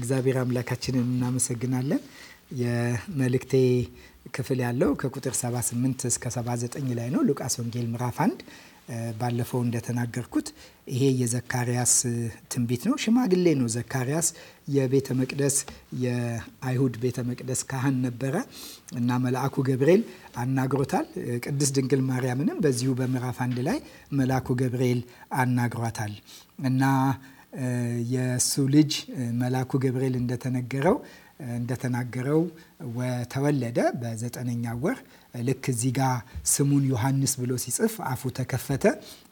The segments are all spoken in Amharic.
እግዚአብሔር አምላካችንን እናመሰግናለን። የመልእክቴ ክፍል ያለው ከቁጥር 78 እስከ 79 ላይ ነው። ሉቃስ ወንጌል ምዕራፍ 1 ባለፈው እንደተናገርኩት ይሄ የዘካርያስ ትንቢት ነው። ሽማግሌ ነው ዘካርያስ። የቤተ መቅደስ የአይሁድ ቤተ መቅደስ ካህን ነበረ እና መልአኩ ገብርኤል አናግሮታል። ቅድስት ድንግል ማርያምንም በዚሁ በምዕራፍ አንድ ላይ መልአኩ ገብርኤል አናግሯታል እና የእሱ ልጅ መላኩ ገብርኤል እንደተነገረው እንደተናገረው ተወለደ በዘጠነኛ ወር ልክ እዚህ ጋ ስሙን ዮሐንስ ብሎ ሲጽፍ አፉ ተከፈተ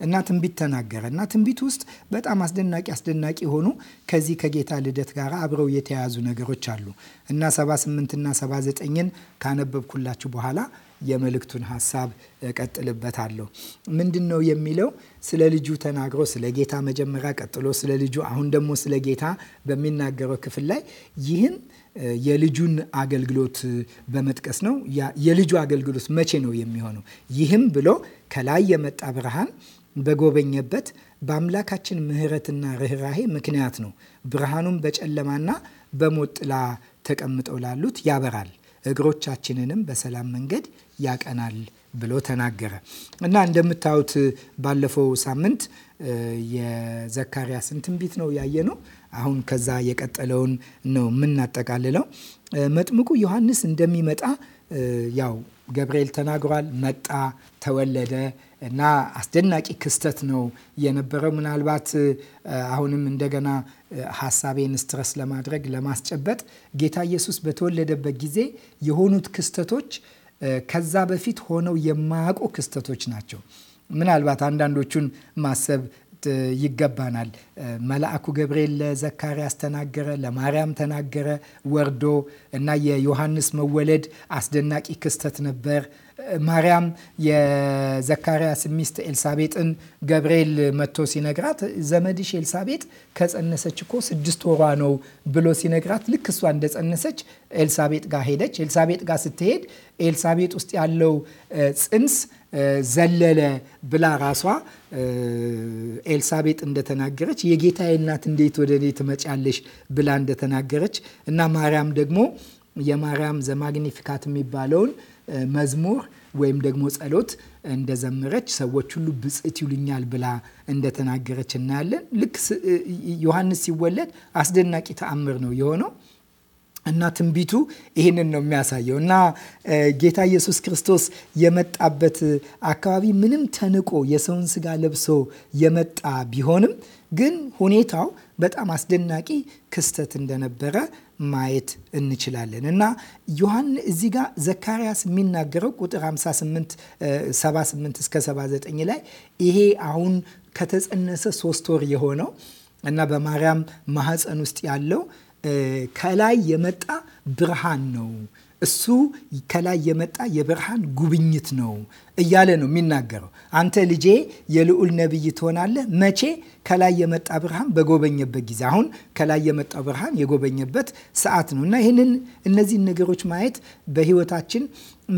እና ትንቢት ተናገረ እና ትንቢት ውስጥ በጣም አስደናቂ አስደናቂ የሆኑ ከዚህ ከጌታ ልደት ጋር አብረው የተያያዙ ነገሮች አሉ እና 78 እና 79ን ካነበብኩላችሁ በኋላ የመልእክቱን ሀሳብ እቀጥልበታለሁ። ምንድን ነው የሚለው? ስለ ልጁ ተናግሮ ስለ ጌታ መጀመሪያ፣ ቀጥሎ ስለ ልጁ፣ አሁን ደግሞ ስለ ጌታ በሚናገረው ክፍል ላይ ይህም የልጁን አገልግሎት በመጥቀስ ነው። የልጁ አገልግሎት መቼ ነው የሚሆነው? ይህም ብሎ ከላይ የመጣ ብርሃን በጎበኘበት በአምላካችን ምሕረትና ርኅራሄ ምክንያት ነው። ብርሃኑም በጨለማና በሞት ጥላ ተቀምጠው ላሉት ያበራል፣ እግሮቻችንንም በሰላም መንገድ ያቀናል ብሎ ተናገረ እና እንደምታዩት ባለፈው ሳምንት የዘካርያስን ትንቢት ነው ያየ ነው። አሁን ከዛ የቀጠለውን ነው የምናጠቃልለው። መጥምቁ ዮሐንስ እንደሚመጣ ያው ገብርኤል ተናግሯል። መጣ፣ ተወለደ እና አስደናቂ ክስተት ነው የነበረው። ምናልባት አሁንም እንደገና ሀሳቤን ስትረስ ለማድረግ ለማስጨበጥ ጌታ ኢየሱስ በተወለደበት ጊዜ የሆኑት ክስተቶች ከዛ በፊት ሆነው የማያውቁ ክስተቶች ናቸው። ምናልባት አንዳንዶቹን ማሰብ ይገባናል። መልአኩ ገብርኤል ለዘካርያስ ተናገረ፣ ለማርያም ተናገረ ወርዶ እና የዮሐንስ መወለድ አስደናቂ ክስተት ነበር። ማርያም የዘካርያስ ሚስት ኤልሳቤጥን ገብርኤል መጥቶ ሲነግራት ዘመድሽ ኤልሳቤጥ ከጸነሰች እኮ ስድስት ወሯ ነው ብሎ ሲነግራት ልክ እሷ እንደጸነሰች ኤልሳቤጥ ጋር ሄደች። ኤልሳቤጥ ጋር ስትሄድ ኤልሳቤጥ ውስጥ ያለው ጽንስ ዘለለ ብላ ራሷ ኤልሳቤጥ እንደተናገረች የጌታዬ እናት እንዴት ወደ እኔ ትመጫለሽ ብላ እንደተናገረች እና ማርያም ደግሞ የማርያም ዘማግኒፊካት የሚባለውን መዝሙር ወይም ደግሞ ጸሎት እንደዘመረች ሰዎች ሁሉ ብጽት ይሉኛል ብላ እንደተናገረች እናያለን። ልክ ዮሐንስ ሲወለድ አስደናቂ ተአምር ነው የሆነው እና ትንቢቱ ይህንን ነው የሚያሳየው። እና ጌታ ኢየሱስ ክርስቶስ የመጣበት አካባቢ ምንም ተንቆ የሰውን ስጋ ለብሶ የመጣ ቢሆንም ግን ሁኔታው በጣም አስደናቂ ክስተት እንደነበረ ማየት እንችላለን እና ዮሐን እዚህ ጋር ዘካርያስ የሚናገረው ቁጥር 58 78 እስከ 79 ላይ ይሄ አሁን ከተጸነሰ ሶስት ወር የሆነው እና በማርያም ማህፀን ውስጥ ያለው ከላይ የመጣ ብርሃን ነው እሱ ከላይ የመጣ የብርሃን ጉብኝት ነው እያለ ነው የሚናገረው። አንተ ልጄ የልዑል ነቢይ ትሆናለህ። መቼ? ከላይ የመጣ ብርሃን በጎበኘበት ጊዜ። አሁን ከላይ የመጣው ብርሃን የጎበኘበት ሰዓት ነው እና ይህንን እነዚህን ነገሮች ማየት በህይወታችን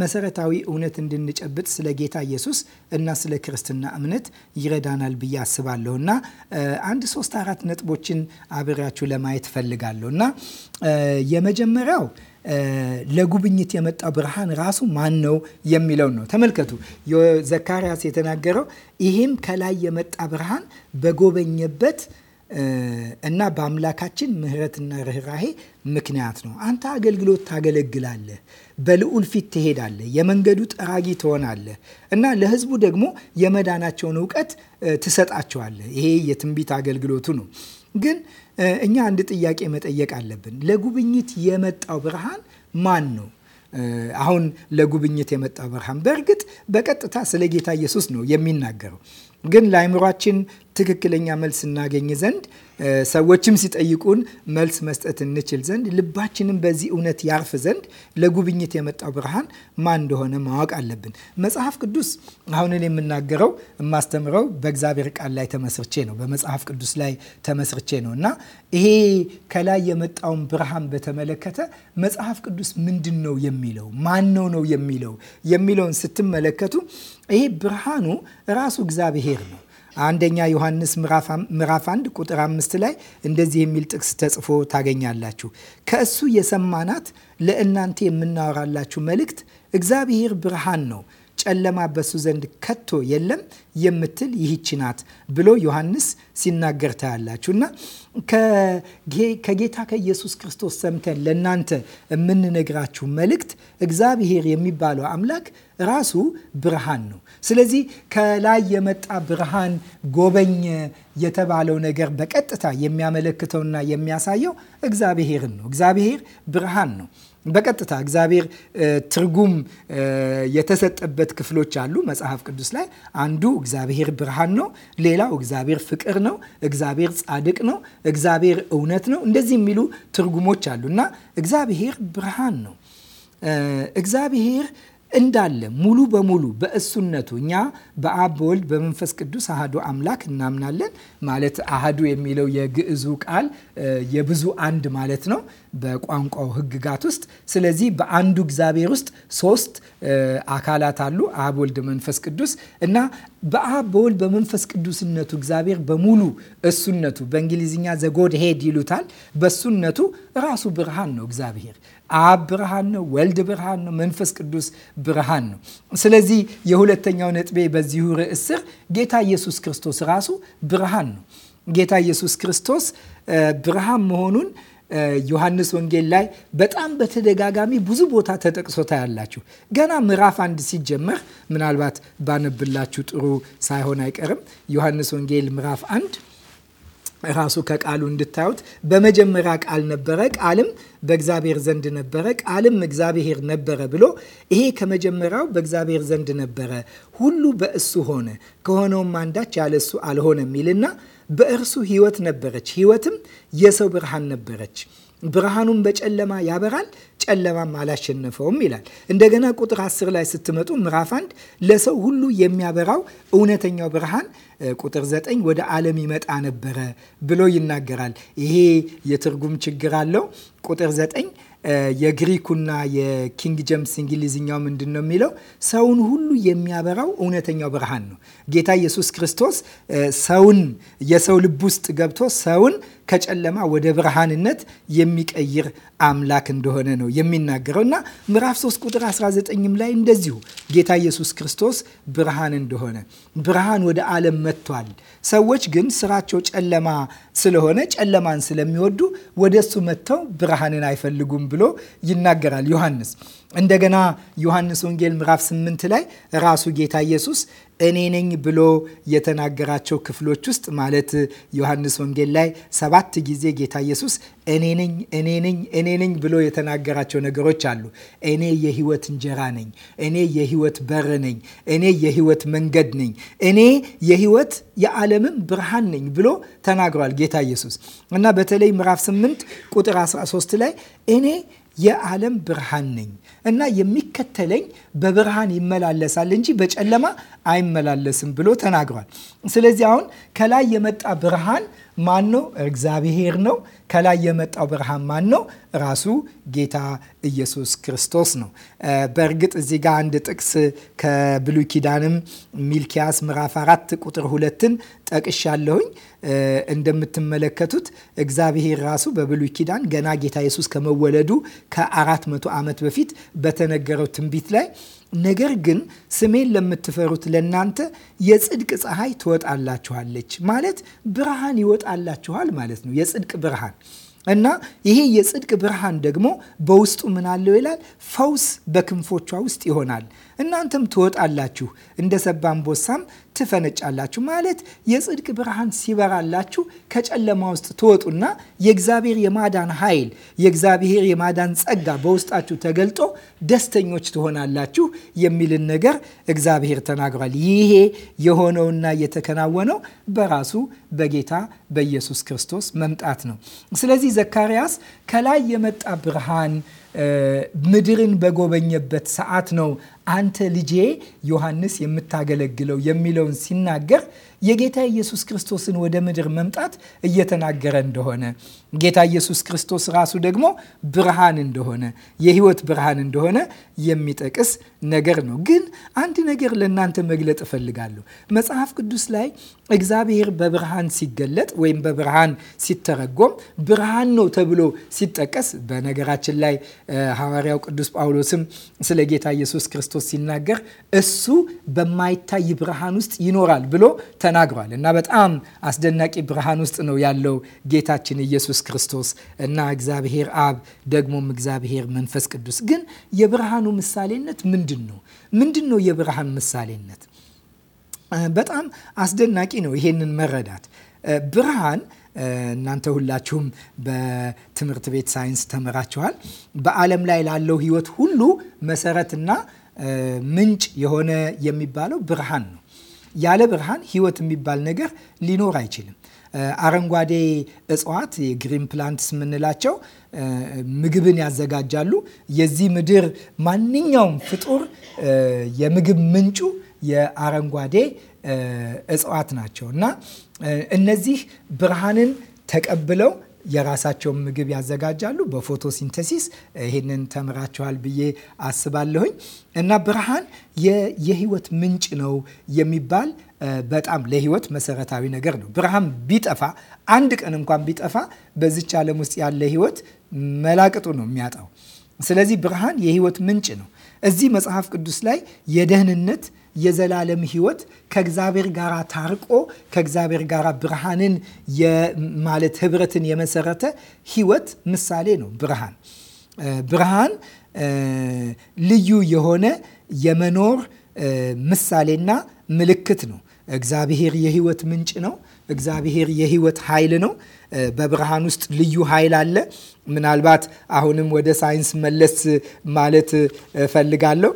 መሰረታዊ እውነት እንድንጨብጥ ስለ ጌታ ኢየሱስ እና ስለ ክርስትና እምነት ይረዳናል ብዬ አስባለሁ እና አንድ ሶስት አራት ነጥቦችን አብሬያችሁ ለማየት እፈልጋለሁ እና የመጀመሪያው ለጉብኝት የመጣው ብርሃን ራሱ ማን ነው የሚለውን ነው። ተመልከቱ፣ ዘካርያስ የተናገረው ይህም ከላይ የመጣ ብርሃን በጎበኘበት እና በአምላካችን ምሕረትና ርኅራሄ ምክንያት ነው። አንተ አገልግሎት ታገለግላለህ፣ በልዑል ፊት ትሄዳለህ፣ የመንገዱ ጠራጊ ትሆናለህ እና ለሕዝቡ ደግሞ የመዳናቸውን እውቀት ትሰጣቸዋለህ። ይሄ የትንቢት አገልግሎቱ ነው ግን እኛ አንድ ጥያቄ መጠየቅ አለብን። ለጉብኝት የመጣው ብርሃን ማን ነው? አሁን ለጉብኝት የመጣው ብርሃን በእርግጥ በቀጥታ ስለ ጌታ ኢየሱስ ነው የሚናገረው፣ ግን ለአእምሯችን ትክክለኛ መልስ እናገኝ ዘንድ ሰዎችም ሲጠይቁን መልስ መስጠት እንችል ዘንድ ልባችንም በዚህ እውነት ያርፍ ዘንድ ለጉብኝት የመጣው ብርሃን ማን እንደሆነ ማወቅ አለብን። መጽሐፍ ቅዱስ አሁን እኔ የምናገረው የማስተምረው በእግዚአብሔር ቃል ላይ ተመስርቼ ነው፣ በመጽሐፍ ቅዱስ ላይ ተመስርቼ ነው እና ይሄ ከላይ የመጣውን ብርሃን በተመለከተ መጽሐፍ ቅዱስ ምንድን ነው የሚለው ማን ነው ነው የሚለው የሚለውን ስትመለከቱ ይሄ ብርሃኑ ራሱ እግዚአብሔር ነው። አንደኛ ዮሐንስ ምዕራፍ አንድ ቁጥር አምስት ላይ እንደዚህ የሚል ጥቅስ ተጽፎ ታገኛላችሁ። ከእሱ የሰማናት ለእናንተ የምናወራላችሁ መልእክት እግዚአብሔር ብርሃን ነው ጨለማ በሱ ዘንድ ከቶ የለም የምትል ይህች ናት ብሎ ዮሐንስ ሲናገር ታያላችሁ። እና ከጌታ ከኢየሱስ ክርስቶስ ሰምተን ለእናንተ የምንነግራችሁ መልእክት እግዚአብሔር የሚባለው አምላክ ራሱ ብርሃን ነው። ስለዚህ ከላይ የመጣ ብርሃን ጎበኘ የተባለው ነገር በቀጥታ የሚያመለክተውና የሚያሳየው እግዚአብሔርን ነው። እግዚአብሔር ብርሃን ነው። በቀጥታ እግዚአብሔር ትርጉም የተሰጠበት ክፍሎች አሉ መጽሐፍ ቅዱስ ላይ። አንዱ እግዚአብሔር ብርሃን ነው፣ ሌላው እግዚአብሔር ፍቅር ነው፣ እግዚአብሔር ጻድቅ ነው፣ እግዚአብሔር እውነት ነው። እንደዚህ የሚሉ ትርጉሞች አሉ እና እግዚአብሔር ብርሃን ነው፣ እግዚአብሔር እንዳለ ሙሉ በሙሉ በእሱነቱ እኛ በአብ በወልድ በመንፈስ ቅዱስ አህዱ አምላክ እናምናለን። ማለት አህዱ የሚለው የግዕዙ ቃል የብዙ አንድ ማለት ነው በቋንቋው ሕግጋት ውስጥ። ስለዚህ በአንዱ እግዚአብሔር ውስጥ ሶስት አካላት አሉ፣ አብ፣ ወልድ፣ መንፈስ ቅዱስ እና በአብ በወልድ በመንፈስ ቅዱስነቱ እግዚአብሔር በሙሉ እሱነቱ በእንግሊዝኛ ዘጎድ ሄድ ይሉታል። በእሱነቱ ራሱ ብርሃን ነው እግዚአብሔር አብ ብርሃን ነው፣ ወልድ ብርሃን ነው፣ መንፈስ ቅዱስ ብርሃን ነው። ስለዚህ የሁለተኛው ነጥቤ በዚሁ ርዕስ ስር ጌታ ኢየሱስ ክርስቶስ ራሱ ብርሃን ነው። ጌታ ኢየሱስ ክርስቶስ ብርሃን መሆኑን ዮሐንስ ወንጌል ላይ በጣም በተደጋጋሚ ብዙ ቦታ ተጠቅሶ ታያላችሁ። ገና ምዕራፍ አንድ ሲጀመር ምናልባት ባነብላችሁ ጥሩ ሳይሆን አይቀርም። ዮሐንስ ወንጌል ምዕራፍ አንድ ራሱ ከቃሉ እንድታዩት በመጀመሪያ ቃል ነበረ፣ ቃልም በእግዚአብሔር ዘንድ ነበረ፣ ቃልም እግዚአብሔር ነበረ ብሎ ይሄ ከመጀመሪያው በእግዚአብሔር ዘንድ ነበረ፣ ሁሉ በእሱ ሆነ፣ ከሆነውም አንዳች ያለ እሱ አልሆነም የሚልና በእርሱ ሕይወት ነበረች፣ ሕይወትም የሰው ብርሃን ነበረች። ብርሃኑም በጨለማ ያበራል፣ ጨለማም አላሸነፈውም ይላል። እንደገና ቁጥር 10 ላይ ስትመጡ ምዕራፍ 1 ለሰው ሁሉ የሚያበራው እውነተኛው ብርሃን ቁጥር 9 ወደ ዓለም ይመጣ ነበረ ብሎ ይናገራል። ይሄ የትርጉም ችግር አለው። ቁጥር 9 የግሪኩና የኪንግ ጀምስ እንግሊዝኛው ምንድን ነው የሚለው? ሰውን ሁሉ የሚያበራው እውነተኛው ብርሃን ነው። ጌታ ኢየሱስ ክርስቶስ ሰውን የሰው ልብ ውስጥ ገብቶ ሰውን ከጨለማ ወደ ብርሃንነት የሚቀይር አምላክ እንደሆነ ነው የሚናገረው እና ምዕራፍ 3 ቁጥር 19ም ላይ እንደዚሁ ጌታ ኢየሱስ ክርስቶስ ብርሃን እንደሆነ ብርሃን ወደ ዓለም መጥቷል፣ ሰዎች ግን ስራቸው ጨለማ ስለሆነ ጨለማን ስለሚወዱ ወደ እሱ መጥተው ብርሃንን አይፈልጉም ብሎ ይናገራል ዮሐንስ እንደገና ዮሐንስ ወንጌል ምዕራፍ 8 ላይ ራሱ ጌታ ኢየሱስ እኔ ነኝ ብሎ የተናገራቸው ክፍሎች ውስጥ ማለት ዮሐንስ ወንጌል ላይ ሰባት ጊዜ ጌታ ኢየሱስ እኔ ነኝ እኔ ነኝ እኔ ነኝ ብሎ የተናገራቸው ነገሮች አሉ። እኔ የህይወት እንጀራ ነኝ፣ እኔ የህይወት በር ነኝ፣ እኔ የህይወት መንገድ ነኝ፣ እኔ የህይወት የዓለምም ብርሃን ነኝ ብሎ ተናግሯል ጌታ ኢየሱስ እና በተለይ ምዕራፍ 8 ቁጥር 13 ላይ እኔ የዓለም ብርሃን ነኝ እና የሚከተለኝ በብርሃን ይመላለሳል እንጂ በጨለማ አይመላለስም ብሎ ተናግሯል። ስለዚህ አሁን ከላይ የመጣ ብርሃን ማን ነው? እግዚአብሔር ነው። ከላይ የመጣው ብርሃን ማን ነው? ራሱ ጌታ ኢየሱስ ክርስቶስ ነው። በእርግጥ እዚህ ጋር አንድ ጥቅስ ከብሉይ ኪዳንም ሚልኪያስ ምዕራፍ አራት ቁጥር ሁለትን ጠቅሻለሁኝ። እንደምትመለከቱት እግዚአብሔር ራሱ በብሉይ ኪዳን ገና ጌታ ኢየሱስ ከመወለዱ ከአራት መቶ ዓመት በፊት በተነገረው ትንቢት ላይ ነገር ግን ስሜን ለምትፈሩት ለእናንተ የጽድቅ ፀሐይ ትወጣላችኋለች ማለት ብርሃን ይወጣላችኋል ማለት ነው። የጽድቅ ብርሃን እና ይሄ የጽድቅ ብርሃን ደግሞ በውስጡ ምን አለው ይላል? ፈውስ በክንፎቿ ውስጥ ይሆናል። እናንተም ትወጣላችሁ፣ እንደ ሰባ አንበሳም ትፈነጫላችሁ። ማለት የጽድቅ ብርሃን ሲበራላችሁ ከጨለማ ውስጥ ትወጡና የእግዚአብሔር የማዳን ኃይል የእግዚአብሔር የማዳን ጸጋ በውስጣችሁ ተገልጦ ደስተኞች ትሆናላችሁ የሚልን ነገር እግዚአብሔር ተናግሯል። ይሄ የሆነውና የተከናወነው በራሱ በጌታ በኢየሱስ ክርስቶስ መምጣት ነው። ስለዚህ ዘካርያስ ከላይ የመጣ ብርሃን ምድርን በጎበኘበት ሰዓት ነው አንተ ልጄ ዮሐንስ የምታገለግለው የሚለውን ሲናገር የጌታ ኢየሱስ ክርስቶስን ወደ ምድር መምጣት እየተናገረ እንደሆነ ጌታ ኢየሱስ ክርስቶስ ራሱ ደግሞ ብርሃን እንደሆነ የህይወት ብርሃን እንደሆነ የሚጠቅስ ነገር ነው። ግን አንድ ነገር ለእናንተ መግለጥ እፈልጋለሁ። መጽሐፍ ቅዱስ ላይ እግዚአብሔር በብርሃን ሲገለጥ ወይም በብርሃን ሲተረጎም ብርሃን ነው ተብሎ ሲጠቀስ፣ በነገራችን ላይ ሐዋርያው ቅዱስ ጳውሎስም ስለ ጌታ ኢየሱስ ክርስቶስ ክርስቶስ ሲናገር እሱ በማይታይ ብርሃን ውስጥ ይኖራል ብሎ ተናግሯል እና በጣም አስደናቂ ብርሃን ውስጥ ነው ያለው ጌታችን ኢየሱስ ክርስቶስ እና እግዚአብሔር አብ ደግሞም እግዚአብሔር መንፈስ ቅዱስ። ግን የብርሃኑ ምሳሌነት ምንድን ነው? ምንድን ነው የብርሃን ምሳሌነት? በጣም አስደናቂ ነው ይሄንን መረዳት ብርሃን እናንተ ሁላችሁም በትምህርት ቤት ሳይንስ ተምራችኋል። በዓለም ላይ ላለው ሕይወት ሁሉ መሰረትና ምንጭ የሆነ የሚባለው ብርሃን ነው። ያለ ብርሃን ህይወት የሚባል ነገር ሊኖር አይችልም። አረንጓዴ እጽዋት የግሪን ፕላንትስ የምንላቸው ምግብን ያዘጋጃሉ። የዚህ ምድር ማንኛውም ፍጡር የምግብ ምንጩ የአረንጓዴ እጽዋት ናቸው እና እነዚህ ብርሃንን ተቀብለው የራሳቸውን ምግብ ያዘጋጃሉ። በፎቶሲንተሲስ ይህንን ተምራችኋል ብዬ አስባለሁኝ። እና ብርሃን የህይወት ምንጭ ነው የሚባል በጣም ለህይወት መሰረታዊ ነገር ነው። ብርሃን ቢጠፋ አንድ ቀን እንኳን ቢጠፋ በዚች ዓለም ውስጥ ያለ ህይወት መላቅጡ ነው የሚያጣው። ስለዚህ ብርሃን የህይወት ምንጭ ነው። እዚህ መጽሐፍ ቅዱስ ላይ የደህንነት የዘላለም ህይወት ከእግዚአብሔር ጋር ታርቆ ከእግዚአብሔር ጋር ብርሃንን ማለት ህብረትን የመሰረተ ህይወት ምሳሌ ነው። ብርሃን ብርሃን ልዩ የሆነ የመኖር ምሳሌና ምልክት ነው። እግዚአብሔር የህይወት ምንጭ ነው። እግዚአብሔር የህይወት ኃይል ነው። በብርሃን ውስጥ ልዩ ኃይል አለ። ምናልባት አሁንም ወደ ሳይንስ መለስ ማለት እፈልጋለሁ።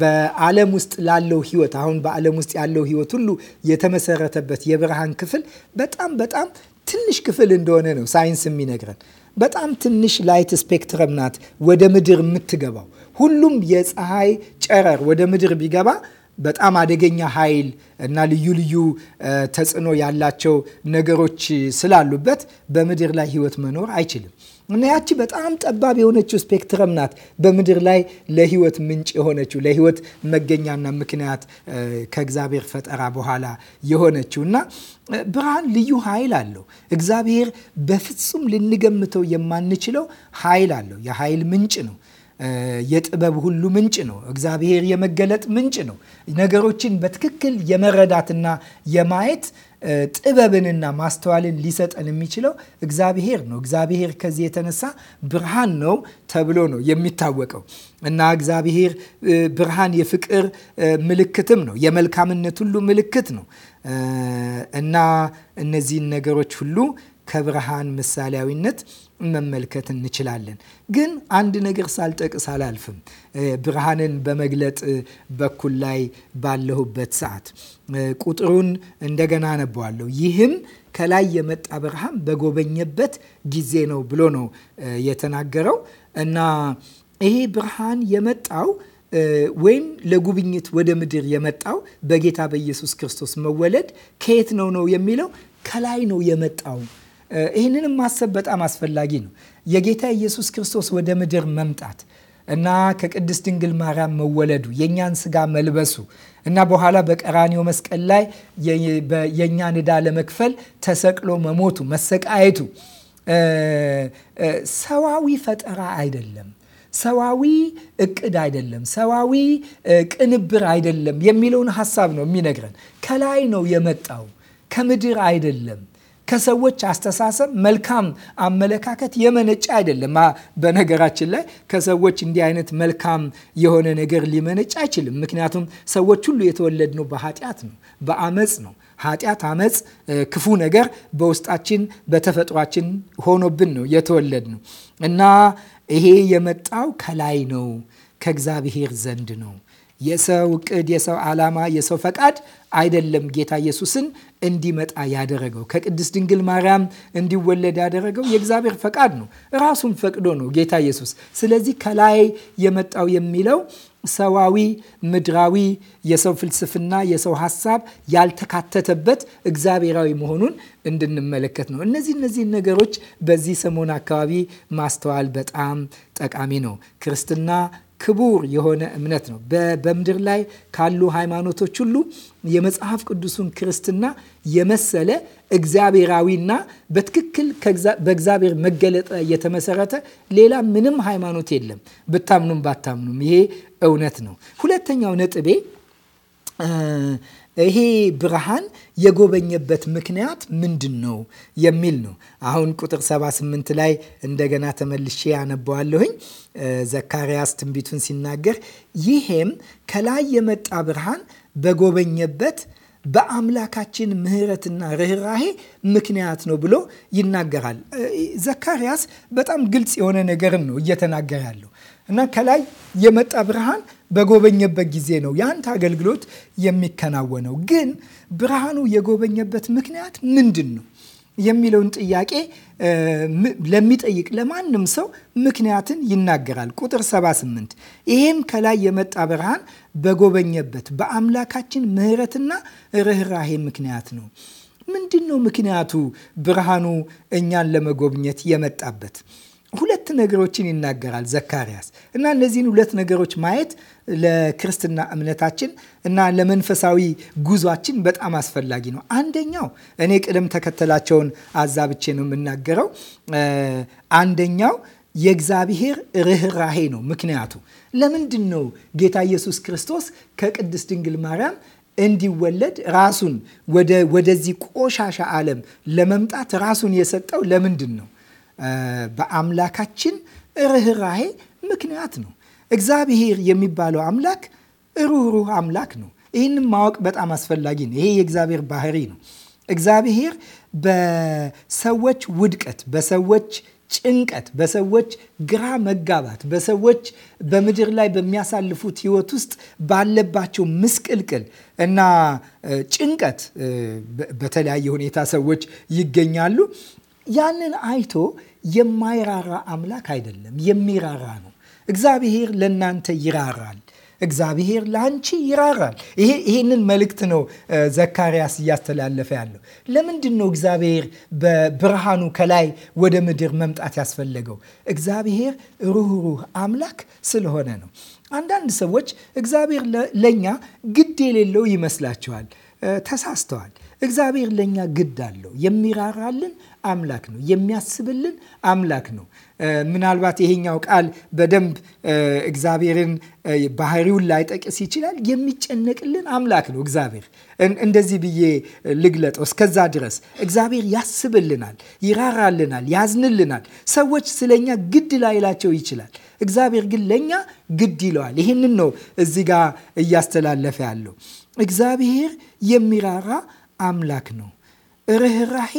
በዓለም ውስጥ ላለው ህይወት አሁን በዓለም ውስጥ ያለው ህይወት ሁሉ የተመሰረተበት የብርሃን ክፍል በጣም በጣም ትንሽ ክፍል እንደሆነ ነው ሳይንስ የሚነግረን። በጣም ትንሽ ላይት ስፔክትረም ናት ወደ ምድር የምትገባው። ሁሉም የፀሐይ ጨረር ወደ ምድር ቢገባ በጣም አደገኛ ኃይል እና ልዩ ልዩ ተጽዕኖ ያላቸው ነገሮች ስላሉበት በምድር ላይ ህይወት መኖር አይችልም እና ያቺ በጣም ጠባብ የሆነችው ስፔክትረም ናት በምድር ላይ ለህይወት ምንጭ የሆነችው ለህይወት መገኛና ምክንያት ከእግዚአብሔር ፈጠራ በኋላ የሆነችው እና ብርሃን ልዩ ኃይል አለው። እግዚአብሔር በፍጹም ልንገምተው የማንችለው ኃይል አለው። የኃይል ምንጭ ነው። የጥበብ ሁሉ ምንጭ ነው። እግዚአብሔር የመገለጥ ምንጭ ነው። ነገሮችን በትክክል የመረዳትና የማየት ጥበብንና ማስተዋልን ሊሰጠን የሚችለው እግዚአብሔር ነው። እግዚአብሔር ከዚህ የተነሳ ብርሃን ነው ተብሎ ነው የሚታወቀው እና እግዚአብሔር ብርሃን የፍቅር ምልክትም ነው፣ የመልካምነት ሁሉ ምልክት ነው እና እነዚህን ነገሮች ሁሉ ከብርሃን ምሳሌያዊነት መመልከት እንችላለን። ግን አንድ ነገር ሳልጠቅስ አላልፍም። ብርሃንን በመግለጥ በኩል ላይ ባለሁበት ሰዓት ቁጥሩን እንደገና አነበዋለሁ። ይህም ከላይ የመጣ ብርሃን በጎበኘበት ጊዜ ነው ብሎ ነው የተናገረው እና ይሄ ብርሃን የመጣው ወይም ለጉብኝት ወደ ምድር የመጣው በጌታ በኢየሱስ ክርስቶስ መወለድ ከየት ነው ነው የሚለው ከላይ ነው የመጣው ይህንንም ማሰብ በጣም አስፈላጊ ነው። የጌታ ኢየሱስ ክርስቶስ ወደ ምድር መምጣት እና ከቅድስት ድንግል ማርያም መወለዱ የእኛን ስጋ መልበሱ እና በኋላ በቀራኒው መስቀል ላይ የእኛን ዕዳ ለመክፈል ተሰቅሎ መሞቱ መሰቃየቱ ሰዋዊ ፈጠራ አይደለም፣ ሰዋዊ እቅድ አይደለም፣ ሰዋዊ ቅንብር አይደለም የሚለውን ሀሳብ ነው የሚነግረን። ከላይ ነው የመጣው ከምድር አይደለም። ከሰዎች አስተሳሰብ መልካም አመለካከት የመነጨ አይደለም። በነገራችን ላይ ከሰዎች እንዲህ አይነት መልካም የሆነ ነገር ሊመነጭ አይችልም። ምክንያቱም ሰዎች ሁሉ የተወለድነው በኃጢአት ነው፣ በአመፅ ነው። ኃጢአት፣ አመፅ፣ ክፉ ነገር በውስጣችን በተፈጥሯችን ሆኖብን ነው የተወለድነው እና ይሄ የመጣው ከላይ ነው፣ ከእግዚአብሔር ዘንድ ነው። የሰው እቅድ፣ የሰው ዓላማ፣ የሰው ፈቃድ አይደለም። ጌታ ኢየሱስን እንዲመጣ ያደረገው ከቅድስት ድንግል ማርያም እንዲወለድ ያደረገው የእግዚአብሔር ፈቃድ ነው። ራሱን ፈቅዶ ነው ጌታ ኢየሱስ። ስለዚህ ከላይ የመጣው የሚለው ሰዋዊ፣ ምድራዊ፣ የሰው ፍልስፍና፣ የሰው ሀሳብ ያልተካተተበት እግዚአብሔራዊ መሆኑን እንድንመለከት ነው። እነዚህ እነዚህን ነገሮች በዚህ ሰሞን አካባቢ ማስተዋል በጣም ጠቃሚ ነው። ክርስትና ክቡር የሆነ እምነት ነው። በምድር ላይ ካሉ ሃይማኖቶች ሁሉ የመጽሐፍ ቅዱሱን ክርስትና የመሰለ እግዚአብሔራዊና በትክክል በእግዚአብሔር መገለጠ የተመሰረተ ሌላ ምንም ሃይማኖት የለም። ብታምኑም ባታምኑም ይሄ እውነት ነው። ሁለተኛው ነጥቤ ይሄ ብርሃን የጎበኘበት ምክንያት ምንድን ነው የሚል ነው። አሁን ቁጥር 78 ላይ እንደገና ተመልሼ ያነበዋለሁኝ። ዘካርያስ ትንቢቱን ሲናገር ይሄም ከላይ የመጣ ብርሃን በጎበኘበት በአምላካችን ምሕረትና ርኅራሄ ምክንያት ነው ብሎ ይናገራል። ዘካርያስ በጣም ግልጽ የሆነ ነገርን ነው እየተናገረ ያለው። እና ከላይ የመጣ ብርሃን በጎበኘበት ጊዜ ነው የአንተ አገልግሎት የሚከናወነው። ግን ብርሃኑ የጎበኘበት ምክንያት ምንድን ነው የሚለውን ጥያቄ ለሚጠይቅ ለማንም ሰው ምክንያትን ይናገራል። ቁጥር 78 ይህም ከላይ የመጣ ብርሃን በጎበኘበት በአምላካችን ምሕረትና ርኅራሄ ምክንያት ነው። ምንድን ነው ምክንያቱ? ብርሃኑ እኛን ለመጎብኘት የመጣበት ሁለት ነገሮችን ይናገራል ዘካርያስ እና እነዚህን ሁለት ነገሮች ማየት ለክርስትና እምነታችን እና ለመንፈሳዊ ጉዟችን በጣም አስፈላጊ ነው። አንደኛው እኔ ቅደም ተከተላቸውን አዛብቼ ነው የምናገረው። አንደኛው የእግዚአብሔር ርኅራሄ ነው። ምክንያቱ ለምንድን ነው ጌታ ኢየሱስ ክርስቶስ ከቅድስት ድንግል ማርያም እንዲወለድ ራሱን ወደዚህ ቆሻሻ ዓለም ለመምጣት ራሱን የሰጠው ለምንድን ነው? በአምላካችን ርኅራሄ ምክንያት ነው። እግዚአብሔር የሚባለው አምላክ ሩህሩህ አምላክ ነው። ይህንም ማወቅ በጣም አስፈላጊ ነው። ይሄ የእግዚአብሔር ባህሪ ነው። እግዚአብሔር በሰዎች ውድቀት፣ በሰዎች ጭንቀት፣ በሰዎች ግራ መጋባት፣ በሰዎች በምድር ላይ በሚያሳልፉት ሕይወት ውስጥ ባለባቸው ምስቅልቅል እና ጭንቀት በተለያየ ሁኔታ ሰዎች ይገኛሉ። ያንን አይቶ የማይራራ አምላክ አይደለም፣ የሚራራ ነው። እግዚአብሔር ለእናንተ ይራራል። እግዚአብሔር ለአንቺ ይራራል። ይሄ ይሄንን መልእክት ነው ዘካርያስ እያስተላለፈ ያለው። ለምንድን ነው እግዚአብሔር በብርሃኑ ከላይ ወደ ምድር መምጣት ያስፈለገው? እግዚአብሔር ሩህሩህ አምላክ ስለሆነ ነው። አንዳንድ ሰዎች እግዚአብሔር ለእኛ ግድ የሌለው ይመስላቸዋል። ተሳስተዋል። እግዚአብሔር ለእኛ ግድ አለው። የሚራራልን አምላክ ነው። የሚያስብልን አምላክ ነው። ምናልባት ይሄኛው ቃል በደንብ እግዚአብሔርን ባህሪውን ላይጠቅስ ይችላል። የሚጨነቅልን አምላክ ነው እግዚአብሔር። እንደዚህ ብዬ ልግለጠው። እስከዛ ድረስ እግዚአብሔር ያስብልናል፣ ይራራልናል፣ ያዝንልናል። ሰዎች ስለኛ ግድ ላይላቸው ይችላል። እግዚአብሔር ግን ለእኛ ግድ ይለዋል። ይህንን ነው እዚህ ጋር እያስተላለፈ ያለው እግዚአብሔር የሚራራ አምላክ ነው። ርኅራሄ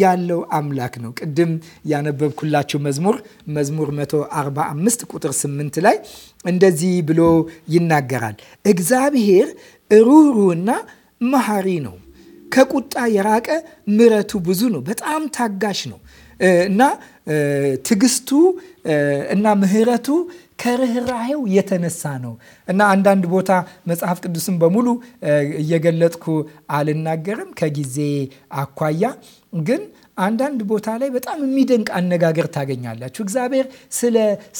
ያለው አምላክ ነው። ቅድም ያነበብኩላችሁ መዝሙር መዝሙር 145 ቁጥር 8 ላይ እንደዚህ ብሎ ይናገራል። እግዚአብሔር ሩኅሩህና መሐሪ ነው፣ ከቁጣ የራቀ ምረቱ ብዙ ነው። በጣም ታጋሽ ነው እና ትዕግስቱ እና ምህረቱ። ከርኅራሄው የተነሳ ነው እና አንዳንድ ቦታ መጽሐፍ ቅዱስን በሙሉ እየገለጥኩ አልናገርም ከጊዜ አኳያ ግን አንዳንድ ቦታ ላይ በጣም የሚደንቅ አነጋገር ታገኛላችሁ። እግዚአብሔር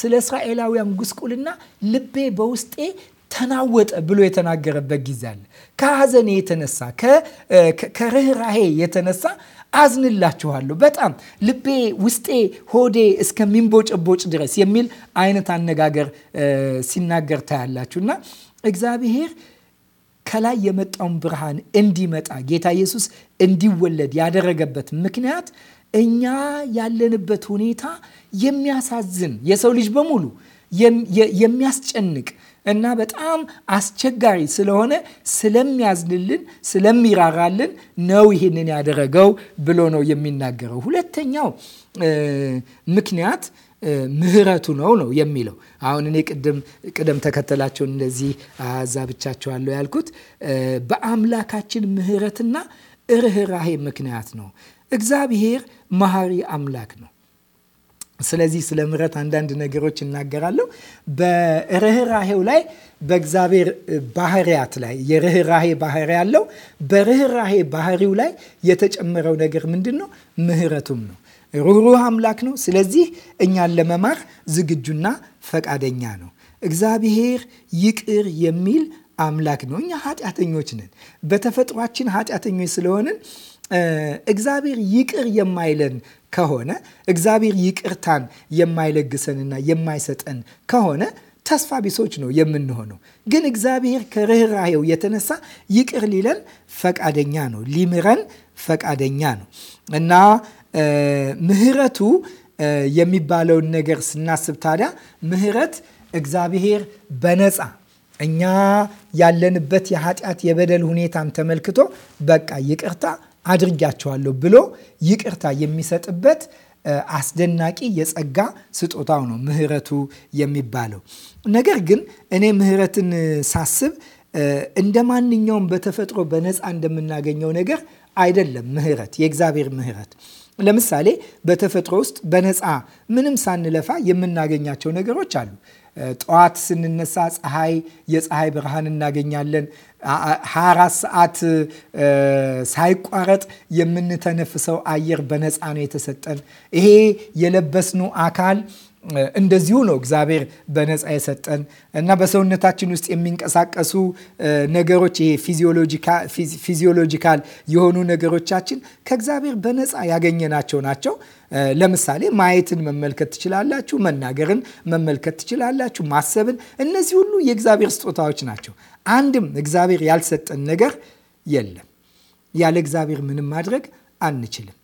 ስለ እስራኤላውያን ጉስቁልና ልቤ በውስጤ ተናወጠ ብሎ የተናገረበት ጊዜ አለ። ከሐዘኔ የተነሳ ከርኅራሄ የተነሳ አዝንላችኋለሁ በጣም ልቤ፣ ውስጤ፣ ሆዴ እስከሚንቦጭቦጭ ድረስ የሚል አይነት አነጋገር ሲናገር ታያላችሁ እና እግዚአብሔር ከላይ የመጣውን ብርሃን እንዲመጣ ጌታ ኢየሱስ እንዲወለድ ያደረገበት ምክንያት እኛ ያለንበት ሁኔታ የሚያሳዝን የሰው ልጅ በሙሉ የሚያስጨንቅ እና በጣም አስቸጋሪ ስለሆነ ስለሚያዝንልን ስለሚራራልን ነው ይህንን ያደረገው ብሎ ነው የሚናገረው። ሁለተኛው ምክንያት ምህረቱ ነው ነው የሚለው። አሁን እኔ ቅድም ቅደም ተከተላቸውን እንደዚህ አዛብቻቸዋለሁ ያልኩት በአምላካችን ምህረትና ርኅራሄ ምክንያት ነው። እግዚአብሔር መሐሪ አምላክ ነው። ስለዚህ ስለ ምረት አንዳንድ ነገሮች እናገራለሁ። በርኅራሄው ላይ በእግዚአብሔር ባህሪያት ላይ የርኅራሄ ባህሪ ያለው በርኅራሄ ባህሪው ላይ የተጨመረው ነገር ምንድን ነው? ምህረቱም ነው። ሩህሩህ አምላክ ነው። ስለዚህ እኛን ለመማር ዝግጁና ፈቃደኛ ነው። እግዚአብሔር ይቅር የሚል አምላክ ነው። እኛ ኃጢአተኞች ነን። በተፈጥሯችን ኃጢአተኞች ስለሆንን እግዚአብሔር ይቅር የማይለን ከሆነ እግዚአብሔር ይቅርታን የማይለግሰንና የማይሰጠን ከሆነ ተስፋ ቢሶች ነው የምንሆነው። ግን እግዚአብሔር ከርኅራሄው የተነሳ ይቅር ሊለን ፈቃደኛ ነው፣ ሊምረን ፈቃደኛ ነው እና ምሕረቱ የሚባለውን ነገር ስናስብ ታዲያ ምሕረት እግዚአብሔር በነፃ እኛ ያለንበት የኃጢአት የበደል ሁኔታን ተመልክቶ በቃ ይቅርታ አድርጊያቸዋለሁ ብሎ ይቅርታ የሚሰጥበት አስደናቂ የጸጋ ስጦታው ነው ምህረቱ የሚባለው ነገር ግን እኔ ምህረትን ሳስብ እንደ ማንኛውም በተፈጥሮ በነፃ እንደምናገኘው ነገር አይደለም። ምህረት የእግዚአብሔር ምህረት ለምሳሌ በተፈጥሮ ውስጥ በነፃ ምንም ሳንለፋ የምናገኛቸው ነገሮች አሉ። ጠዋት ስንነሳ ፀሐይ የፀሐይ ብርሃን እናገኛለን። 24 ሰዓት ሳይቋረጥ የምንተነፍሰው አየር በነፃ ነው የተሰጠን። ይሄ የለበስነው አካል እንደዚሁ ነው እግዚአብሔር በነፃ የሰጠን እና በሰውነታችን ውስጥ የሚንቀሳቀሱ ነገሮች ይሄ ፊዚዮሎጂካል የሆኑ ነገሮቻችን ከእግዚአብሔር በነፃ ያገኘናቸው ናቸው። ለምሳሌ ማየትን መመልከት ትችላላችሁ፣ መናገርን መመልከት ትችላላችሁ፣ ማሰብን። እነዚህ ሁሉ የእግዚአብሔር ስጦታዎች ናቸው። አንድም እግዚአብሔር ያልሰጠን ነገር የለም። ያለ እግዚአብሔር ምንም ማድረግ አንችልም።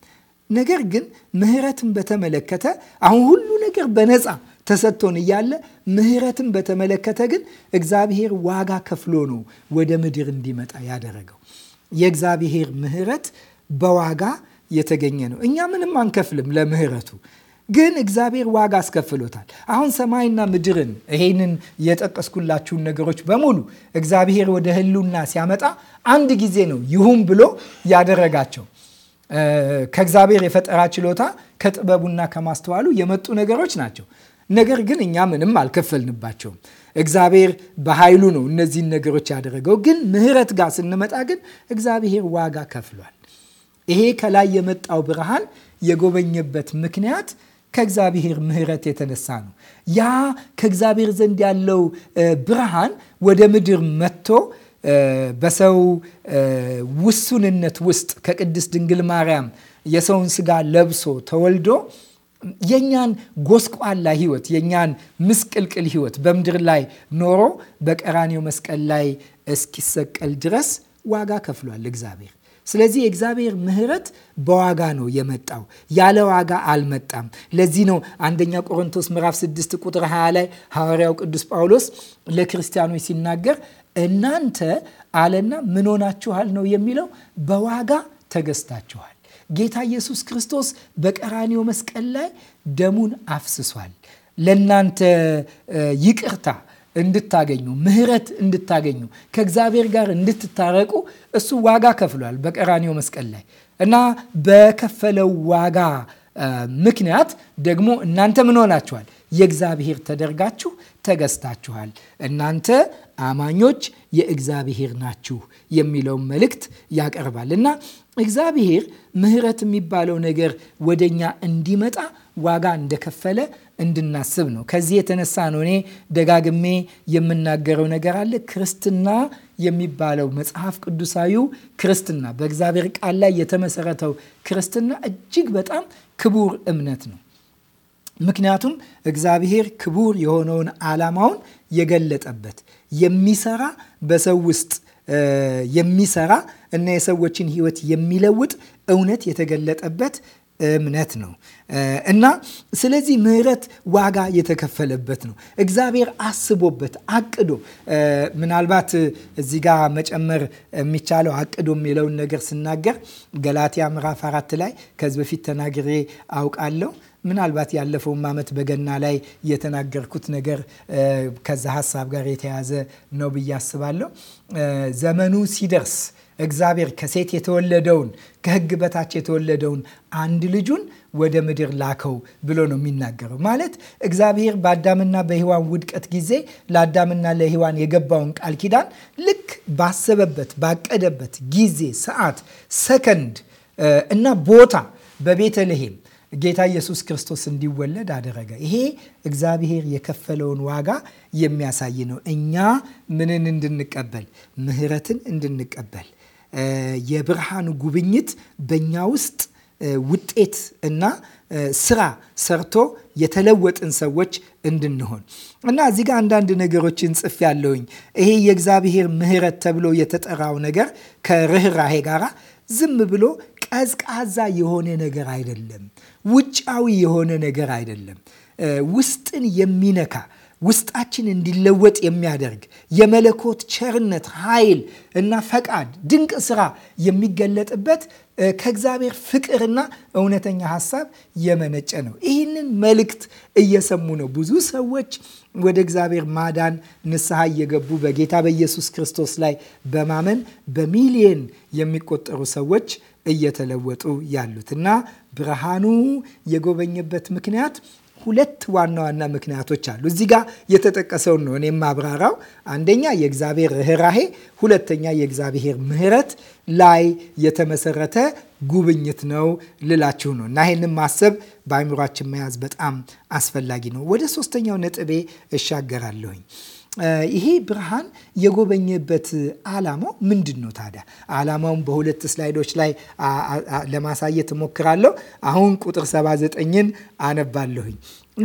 ነገር ግን ምህረትን በተመለከተ አሁን ሁሉ ነገር በነፃ ተሰጥቶን እያለ ምህረትን በተመለከተ ግን እግዚአብሔር ዋጋ ከፍሎ ነው ወደ ምድር እንዲመጣ ያደረገው። የእግዚአብሔር ምህረት በዋጋ የተገኘ ነው። እኛ ምንም አንከፍልም ለምህረቱ ግን እግዚአብሔር ዋጋ አስከፍሎታል። አሁን ሰማይና ምድርን ይሄንን የጠቀስኩላችሁን ነገሮች በሙሉ እግዚአብሔር ወደ ህሉና ሲያመጣ አንድ ጊዜ ነው ይሁን ብሎ ያደረጋቸው። ከእግዚአብሔር የፈጠራ ችሎታ ከጥበቡና ከማስተዋሉ የመጡ ነገሮች ናቸው። ነገር ግን እኛ ምንም አልከፈልንባቸውም። እግዚአብሔር በኃይሉ ነው እነዚህን ነገሮች ያደረገው። ግን ምሕረት ጋር ስንመጣ ግን እግዚአብሔር ዋጋ ከፍሏል። ይሄ ከላይ የመጣው ብርሃን የጎበኘበት ምክንያት ከእግዚአብሔር ምሕረት የተነሳ ነው። ያ ከእግዚአብሔር ዘንድ ያለው ብርሃን ወደ ምድር መጥቶ በሰው ውሱንነት ውስጥ ከቅድስት ድንግል ማርያም የሰውን ስጋ ለብሶ ተወልዶ የእኛን ጎስቋላ ህይወት የእኛን ምስቅልቅል ህይወት በምድር ላይ ኖሮ በቀራኔው መስቀል ላይ እስኪሰቀል ድረስ ዋጋ ከፍሏል እግዚአብሔር። ስለዚህ የእግዚአብሔር ምሕረት በዋጋ ነው የመጣው፣ ያለ ዋጋ አልመጣም። ለዚህ ነው አንደኛ ቆሮንቶስ ምዕራፍ 6 ቁጥር 20 ላይ ሐዋርያው ቅዱስ ጳውሎስ ለክርስቲያኖች ሲናገር እናንተ አለና ምን ሆናችኋል ነው የሚለው። በዋጋ ተገዝታችኋል። ጌታ ኢየሱስ ክርስቶስ በቀራኒው መስቀል ላይ ደሙን አፍስሷል። ለእናንተ ይቅርታ እንድታገኙ ምህረት እንድታገኙ ከእግዚአብሔር ጋር እንድትታረቁ እሱ ዋጋ ከፍሏል በቀራኒው መስቀል ላይ እና በከፈለው ዋጋ ምክንያት ደግሞ እናንተ ምን ሆናችኋል? የእግዚአብሔር ተደርጋችሁ ተገዝታችኋል፣ እናንተ አማኞች የእግዚአብሔር ናችሁ የሚለውን መልእክት ያቀርባል እና እግዚአብሔር ምሕረት የሚባለው ነገር ወደኛ እንዲመጣ ዋጋ እንደከፈለ እንድናስብ ነው። ከዚህ የተነሳ ነው እኔ ደጋግሜ የምናገረው ነገር አለ። ክርስትና የሚባለው መጽሐፍ ቅዱሳዊው ክርስትና በእግዚአብሔር ቃል ላይ የተመሰረተው ክርስትና እጅግ በጣም ክቡር እምነት ነው። ምክንያቱም እግዚአብሔር ክቡር የሆነውን ዓላማውን የገለጠበት የሚሰራ በሰው ውስጥ የሚሰራ እና የሰዎችን ህይወት የሚለውጥ እውነት የተገለጠበት እምነት ነው እና ስለዚህ ምህረት ዋጋ የተከፈለበት ነው። እግዚአብሔር አስቦበት አቅዶ ምናልባት እዚህ ጋር መጨመር የሚቻለው አቅዶ የሚለውን ነገር ስናገር ገላትያ ምዕራፍ አራት ላይ ከዚህ በፊት ተናግሬ አውቃለሁ ምናልባት ያለፈውም ዓመት በገና ላይ የተናገርኩት ነገር ከዛ ሀሳብ ጋር የተያዘ ነው ብዬ አስባለሁ። ዘመኑ ሲደርስ እግዚአብሔር ከሴት የተወለደውን ከሕግ በታች የተወለደውን አንድ ልጁን ወደ ምድር ላከው ብሎ ነው የሚናገረው። ማለት እግዚአብሔር በአዳምና በሔዋን ውድቀት ጊዜ ለአዳምና ለሔዋን የገባውን ቃል ኪዳን ልክ ባሰበበት ባቀደበት ጊዜ፣ ሰዓት፣ ሰከንድ እና ቦታ በቤተልሔም ጌታ ኢየሱስ ክርስቶስ እንዲወለድ አደረገ። ይሄ እግዚአብሔር የከፈለውን ዋጋ የሚያሳይ ነው። እኛ ምንን እንድንቀበል? ምሕረትን እንድንቀበል የብርሃኑ ጉብኝት በእኛ ውስጥ ውጤት እና ስራ ሰርቶ የተለወጥን ሰዎች እንድንሆን እና እዚህ ጋር አንዳንድ ነገሮችን ጽፍ ያለውኝ ይሄ የእግዚአብሔር ምሕረት ተብሎ የተጠራው ነገር ከርኅራሄ ጋራ ዝም ብሎ ቀዝቃዛ የሆነ ነገር አይደለም። ውጫዊ የሆነ ነገር አይደለም። ውስጥን የሚነካ ውስጣችን እንዲለወጥ የሚያደርግ የመለኮት ቸርነት ኃይል እና ፈቃድ ድንቅ ስራ የሚገለጥበት ከእግዚአብሔር ፍቅርና እውነተኛ ሀሳብ የመነጨ ነው። ይህንን መልእክት እየሰሙ ነው ብዙ ሰዎች ወደ እግዚአብሔር ማዳን ንስሐ እየገቡ በጌታ በኢየሱስ ክርስቶስ ላይ በማመን በሚሊየን የሚቆጠሩ ሰዎች እየተለወጡ ያሉት እና ብርሃኑ የጎበኘበት ምክንያት ሁለት ዋና ዋና ምክንያቶች አሉ። እዚህ ጋር የተጠቀሰውን ነው እኔ ማብራራው። አንደኛ የእግዚአብሔር ርኅራሄ፣ ሁለተኛ የእግዚአብሔር ምሕረት ላይ የተመሰረተ ጉብኝት ነው ልላችሁ ነው እና ይህንን ማሰብ በአእምሯችን መያዝ በጣም አስፈላጊ ነው። ወደ ሶስተኛው ነጥቤ እሻገራለሁኝ። ይሄ ብርሃን የጎበኘበት ዓላማው ምንድን ነው ታዲያ? ዓላማውን በሁለት ስላይዶች ላይ ለማሳየት እሞክራለሁ። አሁን ቁጥር 79ን አነባለሁኝ።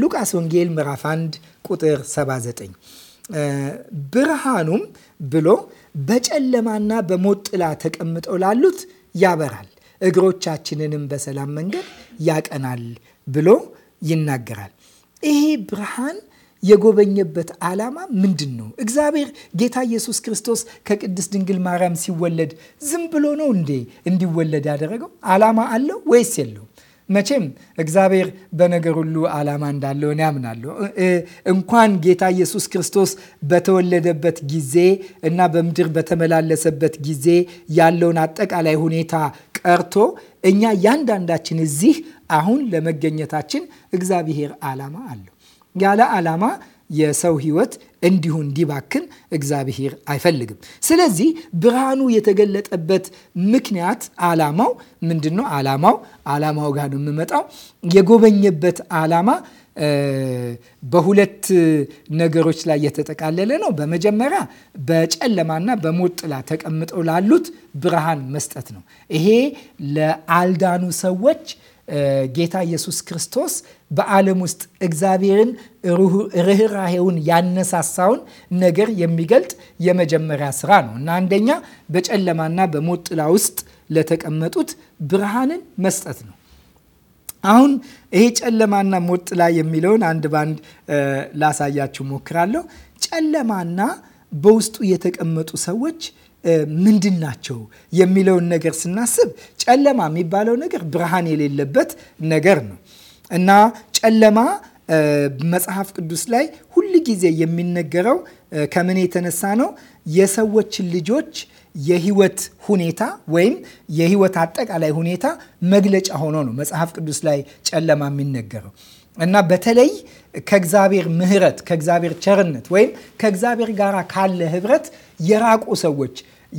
ሉቃስ ወንጌል ምዕራፍ 1 ቁጥር 79 ብርሃኑም ብሎ በጨለማና በሞት ጥላ ተቀምጠው ላሉት ያበራል፣ እግሮቻችንንም በሰላም መንገድ ያቀናል ብሎ ይናገራል። ይሄ ብርሃን የጎበኘበት ዓላማ ምንድን ነው? እግዚአብሔር ጌታ ኢየሱስ ክርስቶስ ከቅድስት ድንግል ማርያም ሲወለድ ዝም ብሎ ነው እንዴ እንዲወለድ ያደረገው? ዓላማ አለው ወይስ የለው? መቼም እግዚአብሔር በነገር ሁሉ ዓላማ እንዳለው እኔ አምናለሁ። እንኳን ጌታ ኢየሱስ ክርስቶስ በተወለደበት ጊዜ እና በምድር በተመላለሰበት ጊዜ ያለውን አጠቃላይ ሁኔታ ቀርቶ እኛ እያንዳንዳችን እዚህ አሁን ለመገኘታችን እግዚአብሔር ዓላማ አለው። ያለ ዓላማ የሰው ህይወት እንዲሁ እንዲባክን እግዚአብሔር አይፈልግም። ስለዚህ ብርሃኑ የተገለጠበት ምክንያት ዓላማው ምንድን ነው? ዓላማው ዓላማው ጋር ነው የምመጣው። የጎበኘበት ዓላማ በሁለት ነገሮች ላይ የተጠቃለለ ነው። በመጀመሪያ በጨለማና በሞት ጥላ ተቀምጠው ላሉት ብርሃን መስጠት ነው። ይሄ ለአልዳኑ ሰዎች ጌታ ኢየሱስ ክርስቶስ በዓለም ውስጥ እግዚአብሔርን ርኅራሄውን ያነሳሳውን ነገር የሚገልጥ የመጀመሪያ ስራ ነው እና አንደኛ በጨለማና በሞት ጥላ ውስጥ ለተቀመጡት ብርሃንን መስጠት ነው። አሁን ይሄ ጨለማና ሞት ጥላ የሚለውን አንድ ባንድ ላሳያችሁ ሞክራለሁ። ጨለማና በውስጡ የተቀመጡ ሰዎች ምንድን ናቸው የሚለውን ነገር ስናስብ ጨለማ የሚባለው ነገር ብርሃን የሌለበት ነገር ነው እና ጨለማ መጽሐፍ ቅዱስ ላይ ሁል ጊዜ የሚነገረው ከምን የተነሳ ነው? የሰዎችን ልጆች የህይወት ሁኔታ ወይም የህይወት አጠቃላይ ሁኔታ መግለጫ ሆኖ ነው መጽሐፍ ቅዱስ ላይ ጨለማ የሚነገረው እና በተለይ ከእግዚአብሔር ምሕረት ከእግዚአብሔር ቸርነት ወይም ከእግዚአብሔር ጋር ካለ ህብረት የራቁ ሰዎች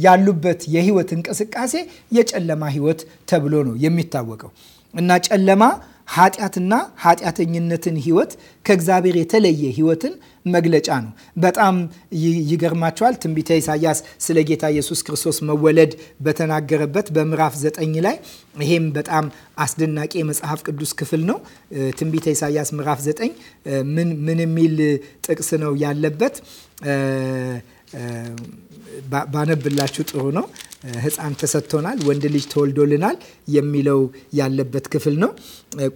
ያሉበት የህይወት እንቅስቃሴ የጨለማ ህይወት ተብሎ ነው የሚታወቀው እና ጨለማ ኃጢአትና ኃጢአተኝነትን ህይወት ከእግዚአብሔር የተለየ ህይወትን መግለጫ ነው። በጣም ይገርማቸዋል። ትንቢተ ኢሳያስ ስለ ጌታ ኢየሱስ ክርስቶስ መወለድ በተናገረበት በምዕራፍ ዘጠኝ ላይ ይሄም በጣም አስደናቂ የመጽሐፍ ቅዱስ ክፍል ነው። ትንቢተ ኢሳያስ ምዕራፍ ዘጠኝ ምን የሚል ጥቅስ ነው ያለበት? ባነብላችሁ ጥሩ ነው። ሕፃን ተሰጥቶናል፣ ወንድ ልጅ ተወልዶልናል የሚለው ያለበት ክፍል ነው።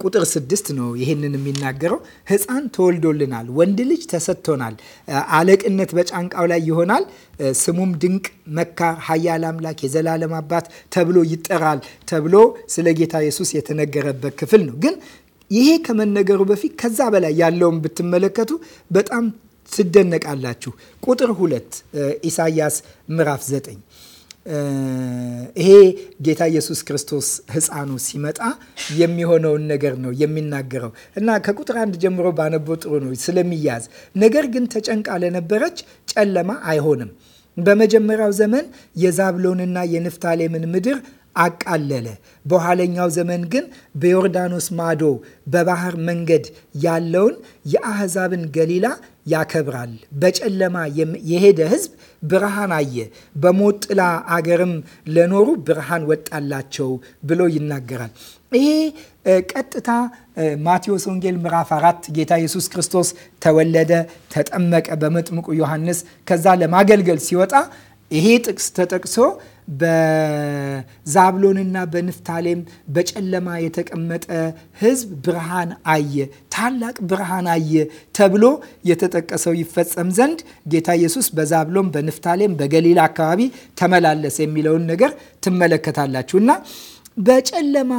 ቁጥር ስድስት ነው ይህንን የሚናገረው። ሕፃን ተወልዶልናል፣ ወንድ ልጅ ተሰጥቶናል፣ አለቅነት በጫንቃው ላይ ይሆናል፣ ስሙም ድንቅ መካር፣ ኃያል አምላክ፣ የዘላለም አባት ተብሎ ይጠራል ተብሎ ስለ ጌታ ኢየሱስ የተነገረበት ክፍል ነው። ግን ይሄ ከመነገሩ በፊት ከዛ በላይ ያለውን ብትመለከቱ በጣም ትደነቃላችሁ። ቁጥር ሁለት ኢሳያስ ምዕራፍ ዘጠኝ ይሄ ጌታ ኢየሱስ ክርስቶስ ሕፃኑ ሲመጣ የሚሆነውን ነገር ነው የሚናገረው እና ከቁጥር አንድ ጀምሮ ባነበው ጥሩ ነው ስለሚያዝ። ነገር ግን ተጨንቃ ለነበረች ጨለማ አይሆንም። በመጀመሪያው ዘመን የዛብሎንና የንፍታሌምን ምድር አቃለለ። በኋለኛው ዘመን ግን በዮርዳኖስ ማዶ በባህር መንገድ ያለውን የአህዛብን ገሊላ ያከብራል። በጨለማ የሄደ ሕዝብ ብርሃን አየ፣ በሞት ጥላ አገርም ለኖሩ ብርሃን ወጣላቸው ብሎ ይናገራል። ይሄ ቀጥታ ማቴዎስ ወንጌል ምዕራፍ አራት ጌታ ኢየሱስ ክርስቶስ ተወለደ፣ ተጠመቀ በመጥምቁ ዮሐንስ ከዛ ለማገልገል ሲወጣ ይሄ ጥቅስ ተጠቅሶ በዛብሎንና በንፍታሌም በጨለማ የተቀመጠ ህዝብ ብርሃን አየ፣ ታላቅ ብርሃን አየ ተብሎ የተጠቀሰው ይፈጸም ዘንድ ጌታ ኢየሱስ በዛብሎን በንፍታሌም በገሊላ አካባቢ ተመላለሰ የሚለውን ነገር ትመለከታላችሁ እና በጨለማ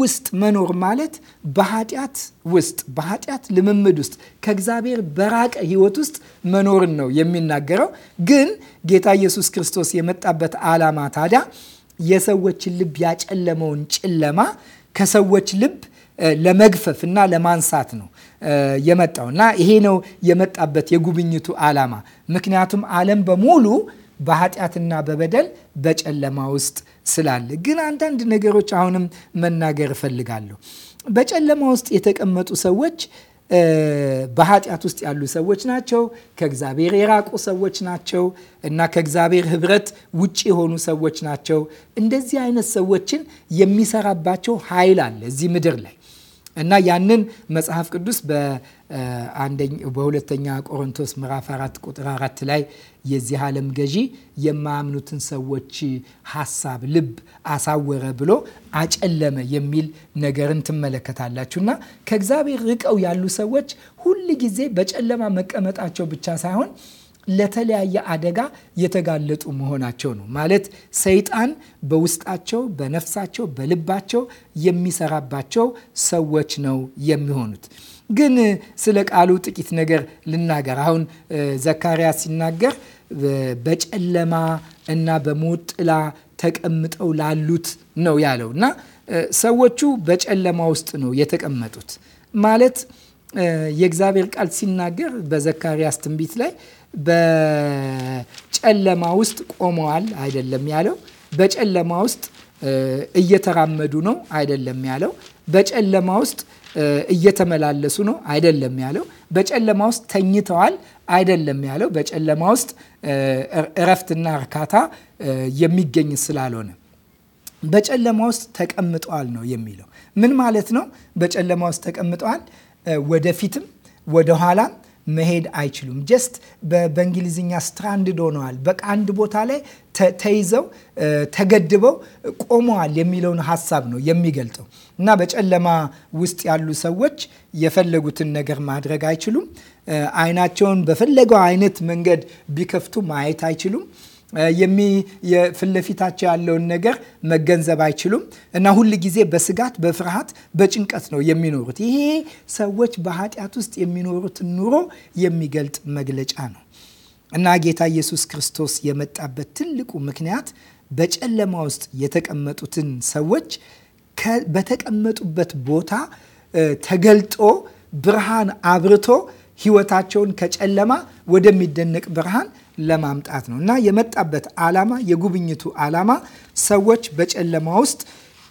ውስጥ መኖር ማለት በኃጢአት ውስጥ በኃጢአት ልምምድ ውስጥ ከእግዚአብሔር በራቀ ሕይወት ውስጥ መኖርን ነው የሚናገረው። ግን ጌታ ኢየሱስ ክርስቶስ የመጣበት ዓላማ ታዲያ የሰዎችን ልብ ያጨለመውን ጨለማ ከሰዎች ልብ ለመግፈፍ እና ለማንሳት ነው የመጣው እና ይሄ ነው የመጣበት የጉብኝቱ ዓላማ። ምክንያቱም ዓለም በሙሉ በኃጢአትና በበደል በጨለማ ውስጥ ስላለ። ግን አንዳንድ ነገሮች አሁንም መናገር እፈልጋለሁ። በጨለማ ውስጥ የተቀመጡ ሰዎች በኃጢአት ውስጥ ያሉ ሰዎች ናቸው። ከእግዚአብሔር የራቁ ሰዎች ናቸው እና ከእግዚአብሔር ሕብረት ውጭ የሆኑ ሰዎች ናቸው። እንደዚህ አይነት ሰዎችን የሚሰራባቸው ኃይል አለ እዚህ ምድር ላይ እና ያንን መጽሐፍ ቅዱስ በሁለተኛ ቆሮንቶስ ምዕራፍ 4 ቁጥር 4 ላይ የዚህ ዓለም ገዢ የማያምኑትን ሰዎች ሀሳብ ልብ አሳወረ ብሎ አጨለመ የሚል ነገርን ትመለከታላችሁ እና ከእግዚአብሔር ርቀው ያሉ ሰዎች ሁል ጊዜ በጨለማ መቀመጣቸው ብቻ ሳይሆን ለተለያየ አደጋ የተጋለጡ መሆናቸው ነው። ማለት ሰይጣን በውስጣቸው፣ በነፍሳቸው፣ በልባቸው የሚሰራባቸው ሰዎች ነው የሚሆኑት። ግን ስለ ቃሉ ጥቂት ነገር ልናገር። አሁን ዘካርያስ ሲናገር በጨለማ እና በሞት ጥላ ተቀምጠው ላሉት ነው ያለው እና ሰዎቹ በጨለማ ውስጥ ነው የተቀመጡት ማለት የእግዚአብሔር ቃል ሲናገር በዘካርያስ ትንቢት ላይ በጨለማ ውስጥ ቆመዋል አይደለም ያለው። በጨለማ ውስጥ እየተራመዱ ነው አይደለም ያለው። በጨለማ ውስጥ እየተመላለሱ ነው አይደለም ያለው። በጨለማ ውስጥ ተኝተዋል አይደለም ያለው። በጨለማ ውስጥ እረፍትና እርካታ የሚገኝ ስላልሆነ በጨለማ ውስጥ ተቀምጠዋል ነው የሚለው። ምን ማለት ነው? በጨለማ ውስጥ ተቀምጠዋል ወደፊትም ወደኋላም መሄድ አይችሉም። ጀስት በእንግሊዝኛ ስትራንድድ ሆነዋል። በቃ አንድ ቦታ ላይ ተይዘው ተገድበው ቆመዋል የሚለውን ሀሳብ ነው የሚገልጠው እና በጨለማ ውስጥ ያሉ ሰዎች የፈለጉትን ነገር ማድረግ አይችሉም። አይናቸውን በፈለገው አይነት መንገድ ቢከፍቱ ማየት አይችሉም። ፊት ያለውን ነገር መገንዘብ አይችሉም እና ሁል ጊዜ በስጋት በፍርሃት በጭንቀት ነው የሚኖሩት። ይሄ ሰዎች በኃጢአት ውስጥ የሚኖሩትን ኑሮ የሚገልጥ መግለጫ ነው እና ጌታ ኢየሱስ ክርስቶስ የመጣበት ትልቁ ምክንያት በጨለማ ውስጥ የተቀመጡትን ሰዎች በተቀመጡበት ቦታ ተገልጦ ብርሃን አብርቶ ህይወታቸውን ከጨለማ ወደሚደነቅ ብርሃን ለማምጣት ነው እና የመጣበት ዓላማ የጉብኝቱ ዓላማ ሰዎች በጨለማ ውስጥ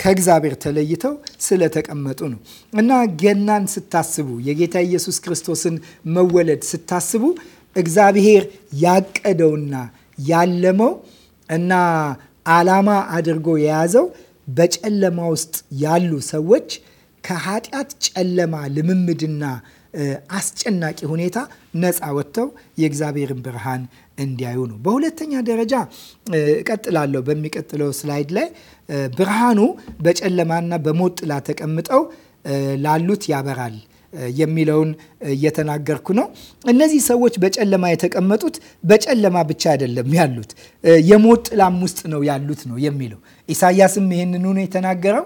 ከእግዚአብሔር ተለይተው ስለተቀመጡ ነው እና ገናን ስታስቡ የጌታ ኢየሱስ ክርስቶስን መወለድ ስታስቡ እግዚአብሔር ያቀደውና ያለመው እና ዓላማ አድርጎ የያዘው በጨለማ ውስጥ ያሉ ሰዎች ከኃጢአት ጨለማ ልምምድና አስጨናቂ ሁኔታ ነፃ ወጥተው የእግዚአብሔርን ብርሃን እንዲያዩ ነው። በሁለተኛ ደረጃ እቀጥላለሁ። በሚቀጥለው ስላይድ ላይ ብርሃኑ በጨለማና በሞት ጥላ ተቀምጠው ላሉት ያበራል የሚለውን እየተናገርኩ ነው። እነዚህ ሰዎች በጨለማ የተቀመጡት በጨለማ ብቻ አይደለም ያሉት የሞት ጥላም ውስጥ ነው ያሉት ነው የሚለው። ኢሳያስም ይህንኑ ነው የተናገረው።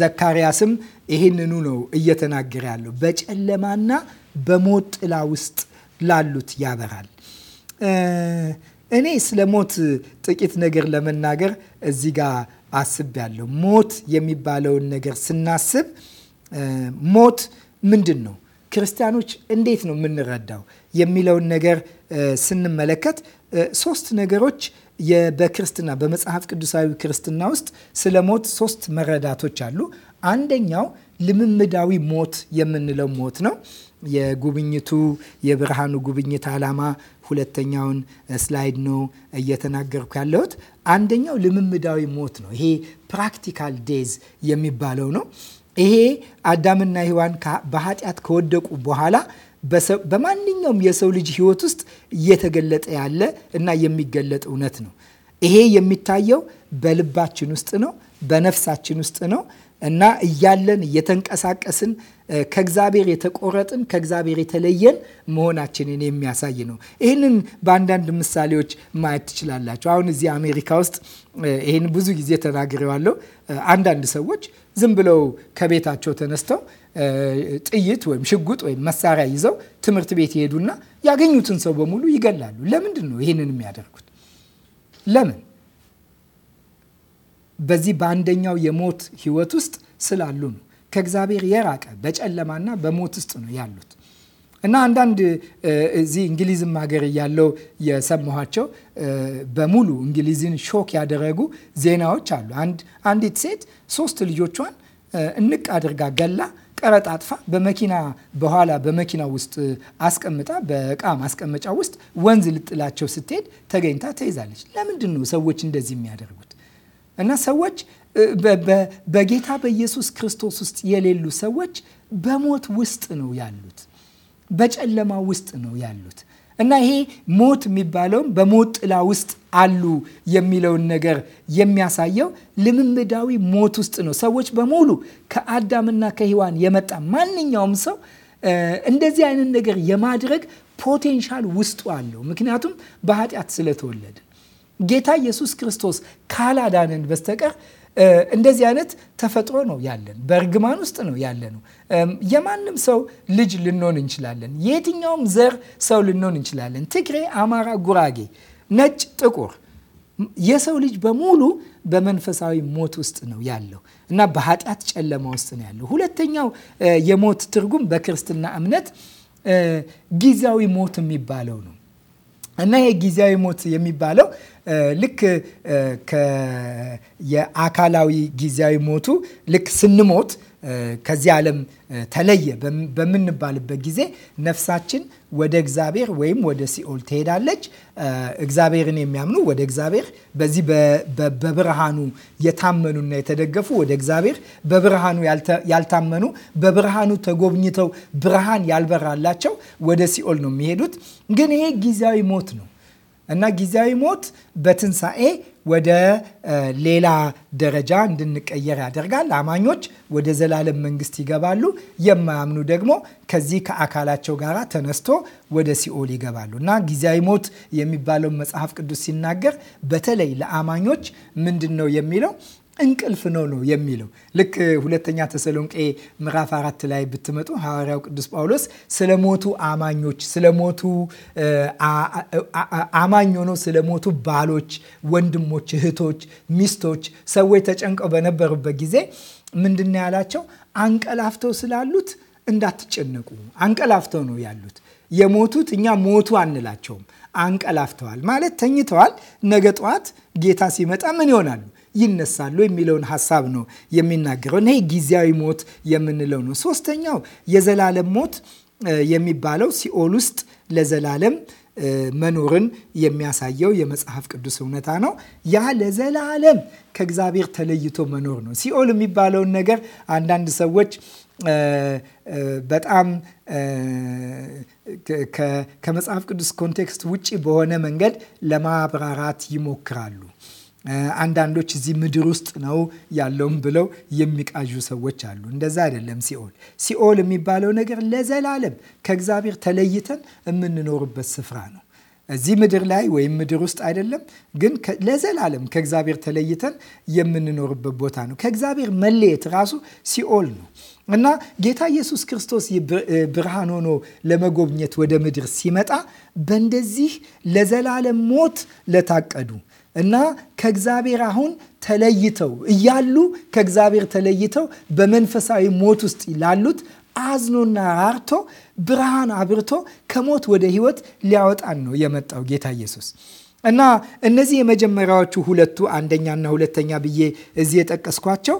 ዘካርያስም ይህንኑ ነው እየተናገረ ያለው። በጨለማና በሞት ጥላ ውስጥ ላሉት ያበራል። እኔ ስለ ሞት ጥቂት ነገር ለመናገር እዚህ ጋር አስቤያለሁ። ሞት የሚባለውን ነገር ስናስብ ሞት ምንድን ነው ክርስቲያኖች እንዴት ነው የምንረዳው የሚለውን ነገር ስንመለከት ሶስት ነገሮች በክርስትና በመጽሐፍ ቅዱሳዊ ክርስትና ውስጥ ስለ ሞት ሶስት መረዳቶች አሉ። አንደኛው ልምምዳዊ ሞት የምንለው ሞት ነው። የጉብኝቱ የብርሃኑ ጉብኝት ዓላማ ሁለተኛውን ስላይድ ነው እየተናገርኩ ያለሁት። አንደኛው ልምምዳዊ ሞት ነው። ይሄ ፕራክቲካል ዴዝ የሚባለው ነው። ይሄ አዳምና ሔዋን በኃጢአት ከወደቁ በኋላ በማንኛውም የሰው ልጅ ህይወት ውስጥ እየተገለጠ ያለ እና የሚገለጥ እውነት ነው። ይሄ የሚታየው በልባችን ውስጥ ነው፣ በነፍሳችን ውስጥ ነው እና እያለን እየተንቀሳቀስን ከእግዚአብሔር የተቆረጥን ከእግዚአብሔር የተለየን መሆናችንን የሚያሳይ ነው። ይህንን በአንዳንድ ምሳሌዎች ማየት ትችላላችሁ። አሁን እዚህ አሜሪካ ውስጥ ይህን ብዙ ጊዜ ተናግሬዋለሁ። አንዳንድ ሰዎች ዝም ብለው ከቤታቸው ተነስተው ጥይት ወይም ሽጉጥ ወይም መሳሪያ ይዘው ትምህርት ቤት ይሄዱና ያገኙትን ሰው በሙሉ ይገላሉ። ለምንድን ነው ይህንን የሚያደርጉት? ለምን? በዚህ በአንደኛው የሞት ህይወት ውስጥ ስላሉ ነው። ከእግዚአብሔር የራቀ በጨለማና በሞት ውስጥ ነው ያሉት እና አንዳንድ እዚህ እንግሊዝም ሀገር እያለው የሰማኋቸው በሙሉ እንግሊዝን ሾክ ያደረጉ ዜናዎች አሉ። አንዲት ሴት ሶስት ልጆቿን እንቅ አድርጋ ገላ ቀረጣጥፋ በመኪና በኋላ በመኪና ውስጥ አስቀምጣ በእቃ ማስቀመጫ ውስጥ ወንዝ ልጥላቸው ስትሄድ ተገኝታ ተይዛለች። ለምንድን ነው ሰዎች እንደዚህ የሚያደርጉት? እና ሰዎች በጌታ በኢየሱስ ክርስቶስ ውስጥ የሌሉ ሰዎች በሞት ውስጥ ነው ያሉት፣ በጨለማ ውስጥ ነው ያሉት እና ይሄ ሞት የሚባለውም በሞት ጥላ ውስጥ አሉ የሚለውን ነገር የሚያሳየው ልምምዳዊ ሞት ውስጥ ነው። ሰዎች በሙሉ ከአዳምና ከሔዋን የመጣ ማንኛውም ሰው እንደዚህ አይነት ነገር የማድረግ ፖቴንሻል ውስጡ አለው። ምክንያቱም በኃጢአት ስለተወለድ ጌታ ኢየሱስ ክርስቶስ ካላዳነን በስተቀር እንደዚህ አይነት ተፈጥሮ ነው ያለን። በእርግማን ውስጥ ነው ነው። የማንም ሰው ልጅ ልንሆን እንችላለን። የትኛውም ዘር ሰው ልንሆን እንችላለን። ትግሬ፣ አማራ፣ ጉራጌ፣ ነጭ፣ ጥቁር የሰው ልጅ በሙሉ በመንፈሳዊ ሞት ውስጥ ነው ያለው እና በኃጢአት ጨለማ ውስጥ ነው ያለው። ሁለተኛው የሞት ትርጉም በክርስትና እምነት ጊዜያዊ ሞት የሚባለው ነው። እና ይሄ ጊዜያዊ ሞት የሚባለው ልክ የአካላዊ ጊዜያዊ ሞቱ ልክ ስንሞት ከዚህ ዓለም ተለየ በምንባልበት ጊዜ ነፍሳችን ወደ እግዚአብሔር ወይም ወደ ሲኦል ትሄዳለች። እግዚአብሔርን የሚያምኑ ወደ እግዚአብሔር በዚህ በብርሃኑ የታመኑና የተደገፉ ወደ እግዚአብሔር በብርሃኑ ያልታመኑ በብርሃኑ ተጎብኝተው ብርሃን ያልበራላቸው ወደ ሲኦል ነው የሚሄዱት። ግን ይሄ ጊዜያዊ ሞት ነው እና ጊዜያዊ ሞት በትንሣኤ ወደ ሌላ ደረጃ እንድንቀየር ያደርጋል። አማኞች ወደ ዘላለም መንግስት ይገባሉ። የማያምኑ ደግሞ ከዚህ ከአካላቸው ጋር ተነስቶ ወደ ሲኦል ይገባሉ እና ጊዜያዊ ሞት የሚባለው መጽሐፍ ቅዱስ ሲናገር በተለይ ለአማኞች ምንድን ነው የሚለው እንቅልፍ ነው ነው የሚለው። ልክ ሁለተኛ ተሰሎንቄ ምዕራፍ አራት ላይ ብትመጡ ሐዋርያው ቅዱስ ጳውሎስ ስለ ሞቱ አማኞች ስለ ሞቱ አማኝ ሆነው ስለ ሞቱ ባሎች፣ ወንድሞች፣ እህቶች፣ ሚስቶች ሰዎች ተጨንቀው በነበሩበት ጊዜ ምንድን ያላቸው? አንቀላፍተው ስላሉት እንዳትጨነቁ። አንቀላፍተው ነው ያሉት የሞቱት እኛ ሞቱ አንላቸውም። አንቀላፍተዋል ማለት ተኝተዋል። ነገ ጠዋት ጌታ ሲመጣ ምን ይሆናሉ? ይነሳሉ የሚለውን ሀሳብ ነው የሚናገረው እና ይሄ ጊዜያዊ ሞት የምንለው ነው። ሶስተኛው የዘላለም ሞት የሚባለው ሲኦል ውስጥ ለዘላለም መኖርን የሚያሳየው የመጽሐፍ ቅዱስ እውነታ ነው። ያ ለዘላለም ከእግዚአብሔር ተለይቶ መኖር ነው። ሲኦል የሚባለውን ነገር አንዳንድ ሰዎች በጣም ከመጽሐፍ ቅዱስ ኮንቴክስት ውጭ በሆነ መንገድ ለማብራራት ይሞክራሉ። አንዳንዶች እዚህ ምድር ውስጥ ነው ያለውም ብለው የሚቃዡ ሰዎች አሉ። እንደዛ አይደለም። ሲኦል ሲኦል የሚባለው ነገር ለዘላለም ከእግዚአብሔር ተለይተን የምንኖርበት ስፍራ ነው። እዚህ ምድር ላይ ወይም ምድር ውስጥ አይደለም፣ ግን ለዘላለም ከእግዚአብሔር ተለይተን የምንኖርበት ቦታ ነው። ከእግዚአብሔር መለየት ራሱ ሲኦል ነው እና ጌታ ኢየሱስ ክርስቶስ ብርሃን ሆኖ ለመጎብኘት ወደ ምድር ሲመጣ በእንደዚህ ለዘላለም ሞት ለታቀዱ እና ከእግዚአብሔር አሁን ተለይተው እያሉ ከእግዚአብሔር ተለይተው በመንፈሳዊ ሞት ውስጥ ላሉት አዝኖና አርቶ ብርሃን አብርቶ ከሞት ወደ ሕይወት ሊያወጣን ነው የመጣው ጌታ ኢየሱስ። እና እነዚህ የመጀመሪያዎቹ ሁለቱ አንደኛና ሁለተኛ ብዬ እዚህ የጠቀስኳቸው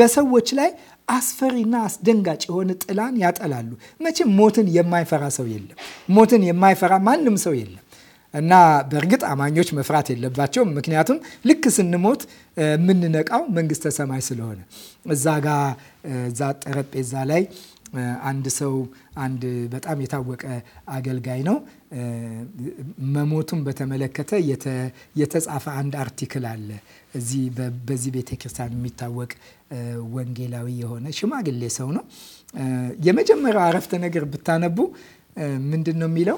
በሰዎች ላይ አስፈሪና አስደንጋጭ የሆነ ጥላን ያጠላሉ። መቼም ሞትን የማይፈራ ሰው የለም። ሞትን የማይፈራ ማንም ሰው የለም። እና በእርግጥ አማኞች መፍራት የለባቸውም። ምክንያቱም ልክ ስንሞት የምንነቃው መንግስተ ሰማይ ስለሆነ እዛ ጋ እዛ ጠረጴዛ ላይ አንድ ሰው አንድ በጣም የታወቀ አገልጋይ ነው። መሞቱን በተመለከተ የተጻፈ አንድ አርቲክል አለ። እዚህ በዚህ ቤተክርስቲያን የሚታወቅ ወንጌላዊ የሆነ ሽማግሌ ሰው ነው። የመጀመሪያው አረፍተ ነገር ብታነቡ ምንድን ነው የሚለው?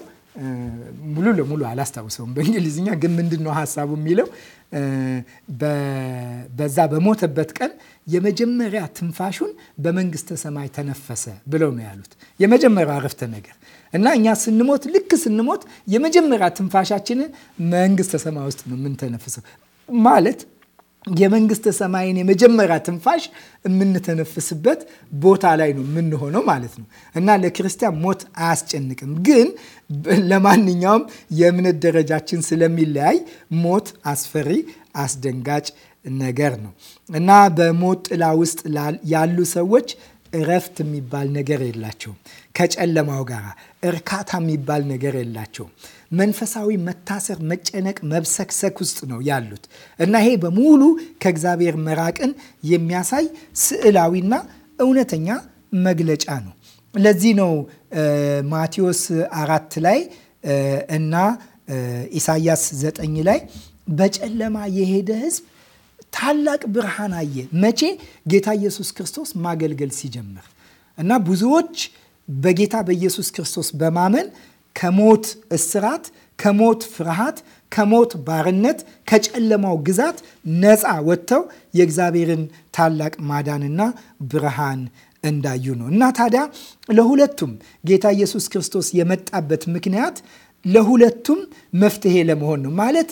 ሙሉ ለሙሉ አላስታውሰውም በእንግሊዝኛ ግን ምንድን ነው ሀሳቡ የሚለው በዛ በሞተበት ቀን የመጀመሪያ ትንፋሹን በመንግስተ ሰማይ ተነፈሰ ብለው ነው ያሉት የመጀመሪያው አረፍተ ነገር እና እኛ ስንሞት ልክ ስንሞት የመጀመሪያ ትንፋሻችንን መንግስተ ሰማይ ውስጥ ነው የምንተነፍሰው ማለት የመንግስተ ሰማይን የመጀመሪያ ትንፋሽ የምንተነፍስበት ቦታ ላይ ነው የምንሆነው ማለት ነው እና ለክርስቲያን ሞት አያስጨንቅም። ግን ለማንኛውም የእምነት ደረጃችን ስለሚለያይ ሞት አስፈሪ፣ አስደንጋጭ ነገር ነው እና በሞት ጥላ ውስጥ ያሉ ሰዎች እረፍት የሚባል ነገር የላቸውም። ከጨለማው ጋር እርካታ የሚባል ነገር የላቸውም። መንፈሳዊ መታሰር፣ መጨነቅ፣ መብሰክሰክ ውስጥ ነው ያሉት እና ይሄ በሙሉ ከእግዚአብሔር መራቅን የሚያሳይ ስዕላዊና እውነተኛ መግለጫ ነው። ለዚህ ነው ማቴዎስ አራት ላይ እና ኢሳያስ ዘጠኝ ላይ በጨለማ የሄደ ህዝብ ታላቅ ብርሃን አየ። መቼ? ጌታ ኢየሱስ ክርስቶስ ማገልገል ሲጀምር እና ብዙዎች በጌታ በኢየሱስ ክርስቶስ በማመን ከሞት እስራት፣ ከሞት ፍርሃት፣ ከሞት ባርነት፣ ከጨለማው ግዛት ነፃ ወጥተው የእግዚአብሔርን ታላቅ ማዳንና ብርሃን እንዳዩ ነው። እና ታዲያ ለሁለቱም ጌታ ኢየሱስ ክርስቶስ የመጣበት ምክንያት ለሁለቱም መፍትሄ ለመሆን ነው። ማለት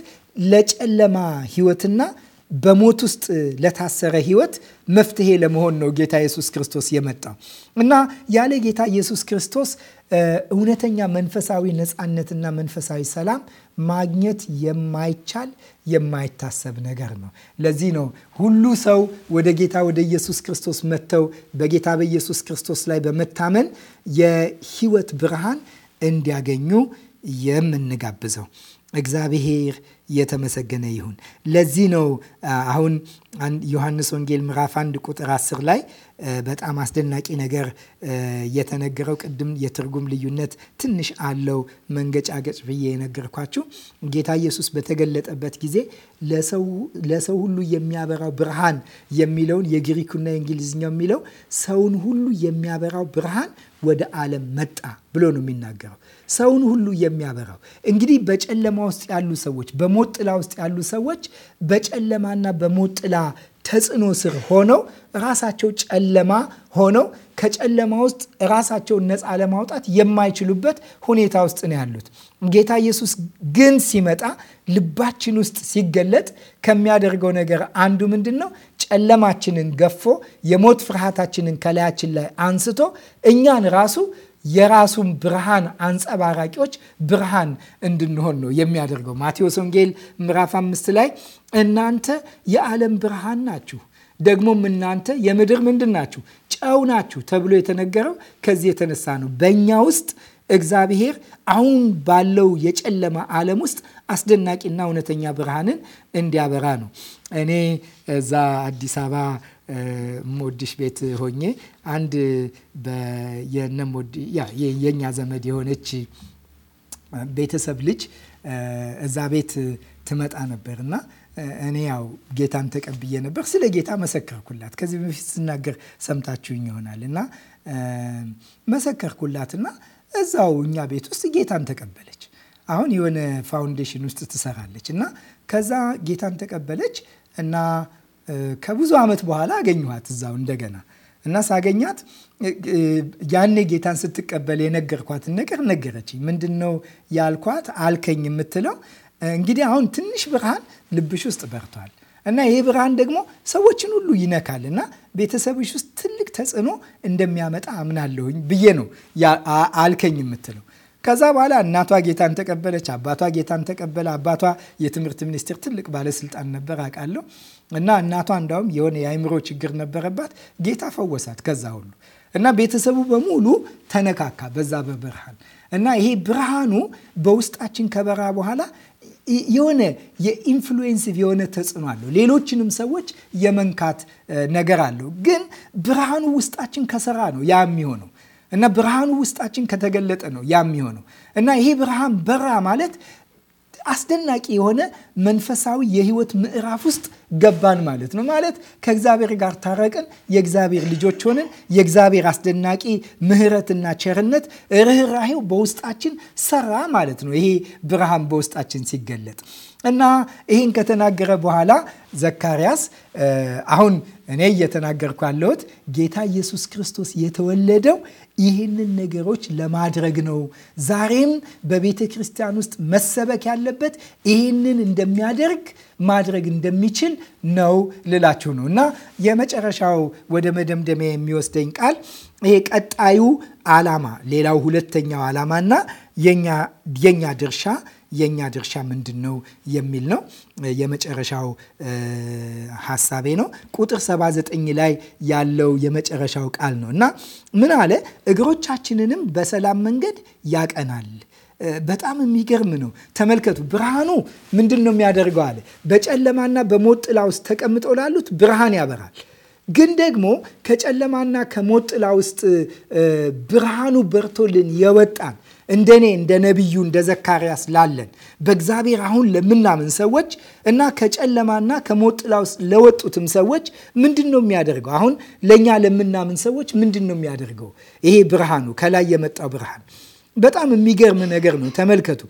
ለጨለማ ህይወትና በሞት ውስጥ ለታሰረ ህይወት መፍትሄ ለመሆን ነው ጌታ ኢየሱስ ክርስቶስ የመጣው እና ያለ ጌታ ኢየሱስ ክርስቶስ እውነተኛ መንፈሳዊ ነፃነትና መንፈሳዊ ሰላም ማግኘት የማይቻል የማይታሰብ ነገር ነው። ለዚህ ነው ሁሉ ሰው ወደ ጌታ ወደ ኢየሱስ ክርስቶስ መጥተው በጌታ በኢየሱስ ክርስቶስ ላይ በመታመን የህይወት ብርሃን እንዲያገኙ የምንጋብዘው። እግዚአብሔር የተመሰገነ ይሁን። ለዚህ ነው አሁን ዮሐንስ ወንጌል ምዕራፍ 1 ቁጥር አስር ላይ በጣም አስደናቂ ነገር የተነገረው ቅድም የትርጉም ልዩነት ትንሽ አለው ገጭ ብዬ የነገርኳችሁ ጌታ ኢየሱስ በተገለጠበት ጊዜ ለሰው ሁሉ የሚያበራው ብርሃን የሚለውን የግሪኩና የእንግሊዝኛው የሚለው ሰውን ሁሉ የሚያበራው ብርሃን ወደ ዓለም መጣ ብሎ ነው የሚናገረው። ሰውን ሁሉ የሚያበራው እንግዲህ በጨለማ ውስጥ ያሉ ሰዎች በ በሞት ጥላ ውስጥ ያሉ ሰዎች በጨለማና በሞት ጥላ ተጽዕኖ ስር ሆነው ራሳቸው ጨለማ ሆነው ከጨለማ ውስጥ ራሳቸውን ነፃ ለማውጣት የማይችሉበት ሁኔታ ውስጥ ነው ያሉት። ጌታ ኢየሱስ ግን ሲመጣ ልባችን ውስጥ ሲገለጥ ከሚያደርገው ነገር አንዱ ምንድን ነው? ጨለማችንን ገፎ የሞት ፍርሃታችንን ከላያችን ላይ አንስቶ እኛን ራሱ የራሱን ብርሃን አንጸባራቂዎች ብርሃን እንድንሆን ነው የሚያደርገው። ማቴዎስ ወንጌል ምዕራፍ አምስት ላይ እናንተ የዓለም ብርሃን ናችሁ፣ ደግሞም እናንተ የምድር ምንድን ናችሁ? ጨው ናችሁ ተብሎ የተነገረው ከዚህ የተነሳ ነው። በእኛ ውስጥ እግዚአብሔር አሁን ባለው የጨለማ ዓለም ውስጥ አስደናቂና እውነተኛ ብርሃንን እንዲያበራ ነው። እኔ እዛ አዲስ አበባ ሞዲሽ ቤት ሆኜ አንድ የእኛ ዘመድ የሆነች ቤተሰብ ልጅ እዛ ቤት ትመጣ ነበር እና እኔ ያው ጌታን ተቀብዬ ነበር። ስለ ጌታ መሰከርኩላት። ከዚህ በፊት ስናገር ሰምታችሁኝ ይሆናል እና እና እዛው እኛ ቤት ውስጥ ጌታን ተቀበለች። አሁን የሆነ ፋውንዴሽን ውስጥ ትሰራለች እና ከዛ ጌታን ተቀበለች እና ከብዙ ዓመት በኋላ አገኘኋት እዛው እንደገና እና ሳገኛት ያኔ ጌታን ስትቀበል የነገርኳትን ነገር ነገረችኝ። ምንድን ነው ያልኳት? አልከኝ የምትለው እንግዲህ አሁን ትንሽ ብርሃን ልብሽ ውስጥ በርቷል እና ይህ ብርሃን ደግሞ ሰዎችን ሁሉ ይነካል እና ቤተሰብሽ ውስጥ ትልቅ ተጽዕኖ እንደሚያመጣ አምናለሁኝ ብዬ ነው አልከኝ የምትለው። ከዛ በኋላ እናቷ ጌታን ተቀበለች፣ አባቷ ጌታን ተቀበለ። አባቷ የትምህርት ሚኒስቴር ትልቅ ባለስልጣን ነበር አውቃለሁ። እና እናቷ እንዳውም የሆነ የአይምሮ ችግር ነበረባት። ጌታ ፈወሳት ከዛ ሁሉ እና ቤተሰቡ በሙሉ ተነካካ በዛ በብርሃን እና ይሄ ብርሃኑ በውስጣችን ከበራ በኋላ የሆነ የኢንፍሉዌንሲቭ የሆነ ተጽዕኖ አለው። ሌሎችንም ሰዎች የመንካት ነገር አለው። ግን ብርሃኑ ውስጣችን ከሰራ ነው ያ የሚሆነው እና ብርሃኑ ውስጣችን ከተገለጠ ነው ያ የሚሆነው እና ይሄ ብርሃን በራ ማለት አስደናቂ የሆነ መንፈሳዊ የህይወት ምዕራፍ ውስጥ ገባን ማለት ነው። ማለት ከእግዚአብሔር ጋር ታረቅን፣ የእግዚአብሔር ልጆች ሆንን። የእግዚአብሔር አስደናቂ ምህረትና ቸርነት ርኅራሄው በውስጣችን ሰራ ማለት ነው። ይሄ ብርሃን በውስጣችን ሲገለጥ እና ይህን ከተናገረ በኋላ ዘካርያስ አሁን እኔ እየተናገርኩ ያለሁት ጌታ ኢየሱስ ክርስቶስ የተወለደው ይህንን ነገሮች ለማድረግ ነው። ዛሬም በቤተ ክርስቲያን ውስጥ መሰበክ ያለበት ይህንን እንደሚያደርግ ማድረግ እንደሚችል ነው ልላችሁ ነው እና የመጨረሻው ወደ መደምደሚያ የሚወስደኝ ቃል ይሄ ቀጣዩ ዓላማ ሌላው ሁለተኛው እና የኛ ድርሻ የእኛ ድርሻ ምንድን ነው የሚል ነው። የመጨረሻው ሀሳቤ ነው። ቁጥር 79 ላይ ያለው የመጨረሻው ቃል ነው እና ምን አለ? እግሮቻችንንም በሰላም መንገድ ያቀናል። በጣም የሚገርም ነው። ተመልከቱ፣ ብርሃኑ ምንድን ነው የሚያደርገው አለ። በጨለማና በሞት ጥላ ውስጥ ተቀምጠው ላሉት ብርሃን ያበራል። ግን ደግሞ ከጨለማና ከሞት ጥላ ውስጥ ብርሃኑ በርቶልን የወጣን እንደ እኔ እንደ ነቢዩ እንደ ዘካርያስ ላለን በእግዚአብሔር አሁን ለምናምን ሰዎች እና ከጨለማና ከሞት ጥላ ውስጥ ለወጡትም ሰዎች ምንድን ነው የሚያደርገው? አሁን ለእኛ ለምናምን ሰዎች ምንድን ነው የሚያደርገው? ይሄ ብርሃኑ ከላይ የመጣው ብርሃን በጣም የሚገርም ነገር ነው። ተመልከቱ።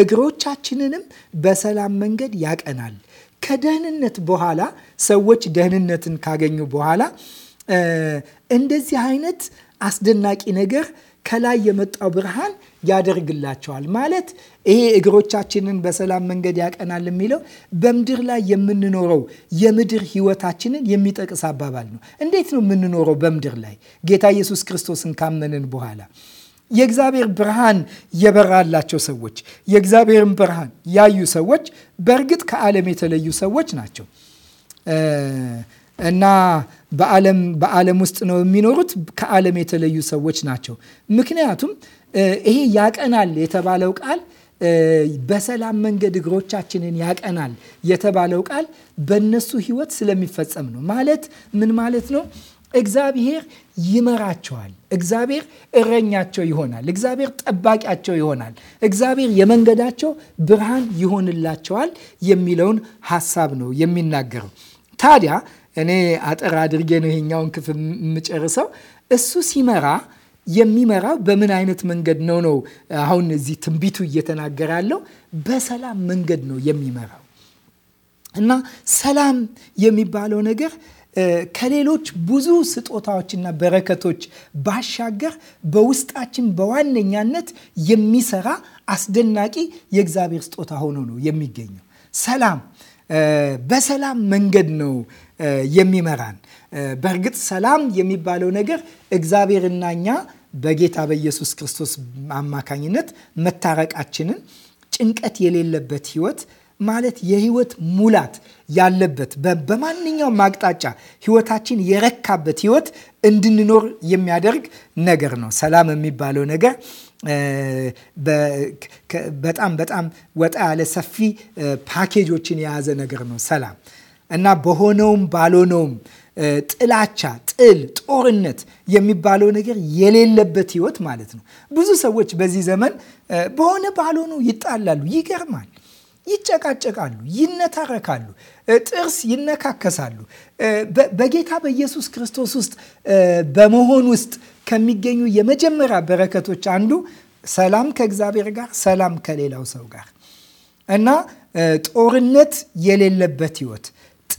እግሮቻችንንም በሰላም መንገድ ያቀናል። ከደህንነት በኋላ ሰዎች ደህንነትን ካገኙ በኋላ እንደዚህ አይነት አስደናቂ ነገር ከላይ የመጣው ብርሃን ያደርግላቸዋል። ማለት ይሄ እግሮቻችንን በሰላም መንገድ ያቀናል የሚለው በምድር ላይ የምንኖረው የምድር ህይወታችንን የሚጠቅስ አባባል ነው። እንዴት ነው የምንኖረው በምድር ላይ ጌታ ኢየሱስ ክርስቶስን ካመንን በኋላ? የእግዚአብሔር ብርሃን የበራላቸው ሰዎች የእግዚአብሔርን ብርሃን ያዩ ሰዎች በእርግጥ ከዓለም የተለዩ ሰዎች ናቸው። እና በዓለም በዓለም ውስጥ ነው የሚኖሩት። ከዓለም የተለዩ ሰዎች ናቸው። ምክንያቱም ይሄ ያቀናል የተባለው ቃል በሰላም መንገድ እግሮቻችንን ያቀናል የተባለው ቃል በእነሱ ሕይወት ስለሚፈጸም ነው። ማለት ምን ማለት ነው? እግዚአብሔር ይመራቸዋል። እግዚአብሔር እረኛቸው ይሆናል። እግዚአብሔር ጠባቂያቸው ይሆናል። እግዚአብሔር የመንገዳቸው ብርሃን ይሆንላቸዋል የሚለውን ሀሳብ ነው የሚናገረው ታዲያ እኔ አጠር አድርጌ ነው ይሄኛውን ክፍል የምጨርሰው። እሱ ሲመራ የሚመራው በምን አይነት መንገድ ነው ነው አሁን እዚህ ትንቢቱ እየተናገረ ያለው በሰላም መንገድ ነው የሚመራው እና ሰላም የሚባለው ነገር ከሌሎች ብዙ ስጦታዎችና በረከቶች ባሻገር በውስጣችን በዋነኛነት የሚሰራ አስደናቂ የእግዚአብሔር ስጦታ ሆኖ ነው የሚገኘው። ሰላም በሰላም መንገድ ነው የሚመራን። በእርግጥ ሰላም የሚባለው ነገር እግዚአብሔርና እኛ በጌታ በኢየሱስ ክርስቶስ አማካኝነት መታረቃችንን ጭንቀት የሌለበት ህይወት ማለት የህይወት ሙላት ያለበት በማንኛውም አቅጣጫ ህይወታችን የረካበት ህይወት እንድንኖር የሚያደርግ ነገር ነው። ሰላም የሚባለው ነገር በጣም በጣም ወጣ ያለ ሰፊ ፓኬጆችን የያዘ ነገር ነው። ሰላም እና በሆነውም ባልሆነውም ጥላቻ፣ ጥል፣ ጦርነት የሚባለው ነገር የሌለበት ህይወት ማለት ነው። ብዙ ሰዎች በዚህ ዘመን በሆነ ባልሆነው ይጣላሉ። ይገርማል። ይጨቃጨቃሉ፣ ይነታረካሉ፣ ጥርስ ይነካከሳሉ። በጌታ በኢየሱስ ክርስቶስ ውስጥ በመሆን ውስጥ ከሚገኙ የመጀመሪያ በረከቶች አንዱ ሰላም ከእግዚአብሔር ጋር፣ ሰላም ከሌላው ሰው ጋር እና ጦርነት የሌለበት ህይወት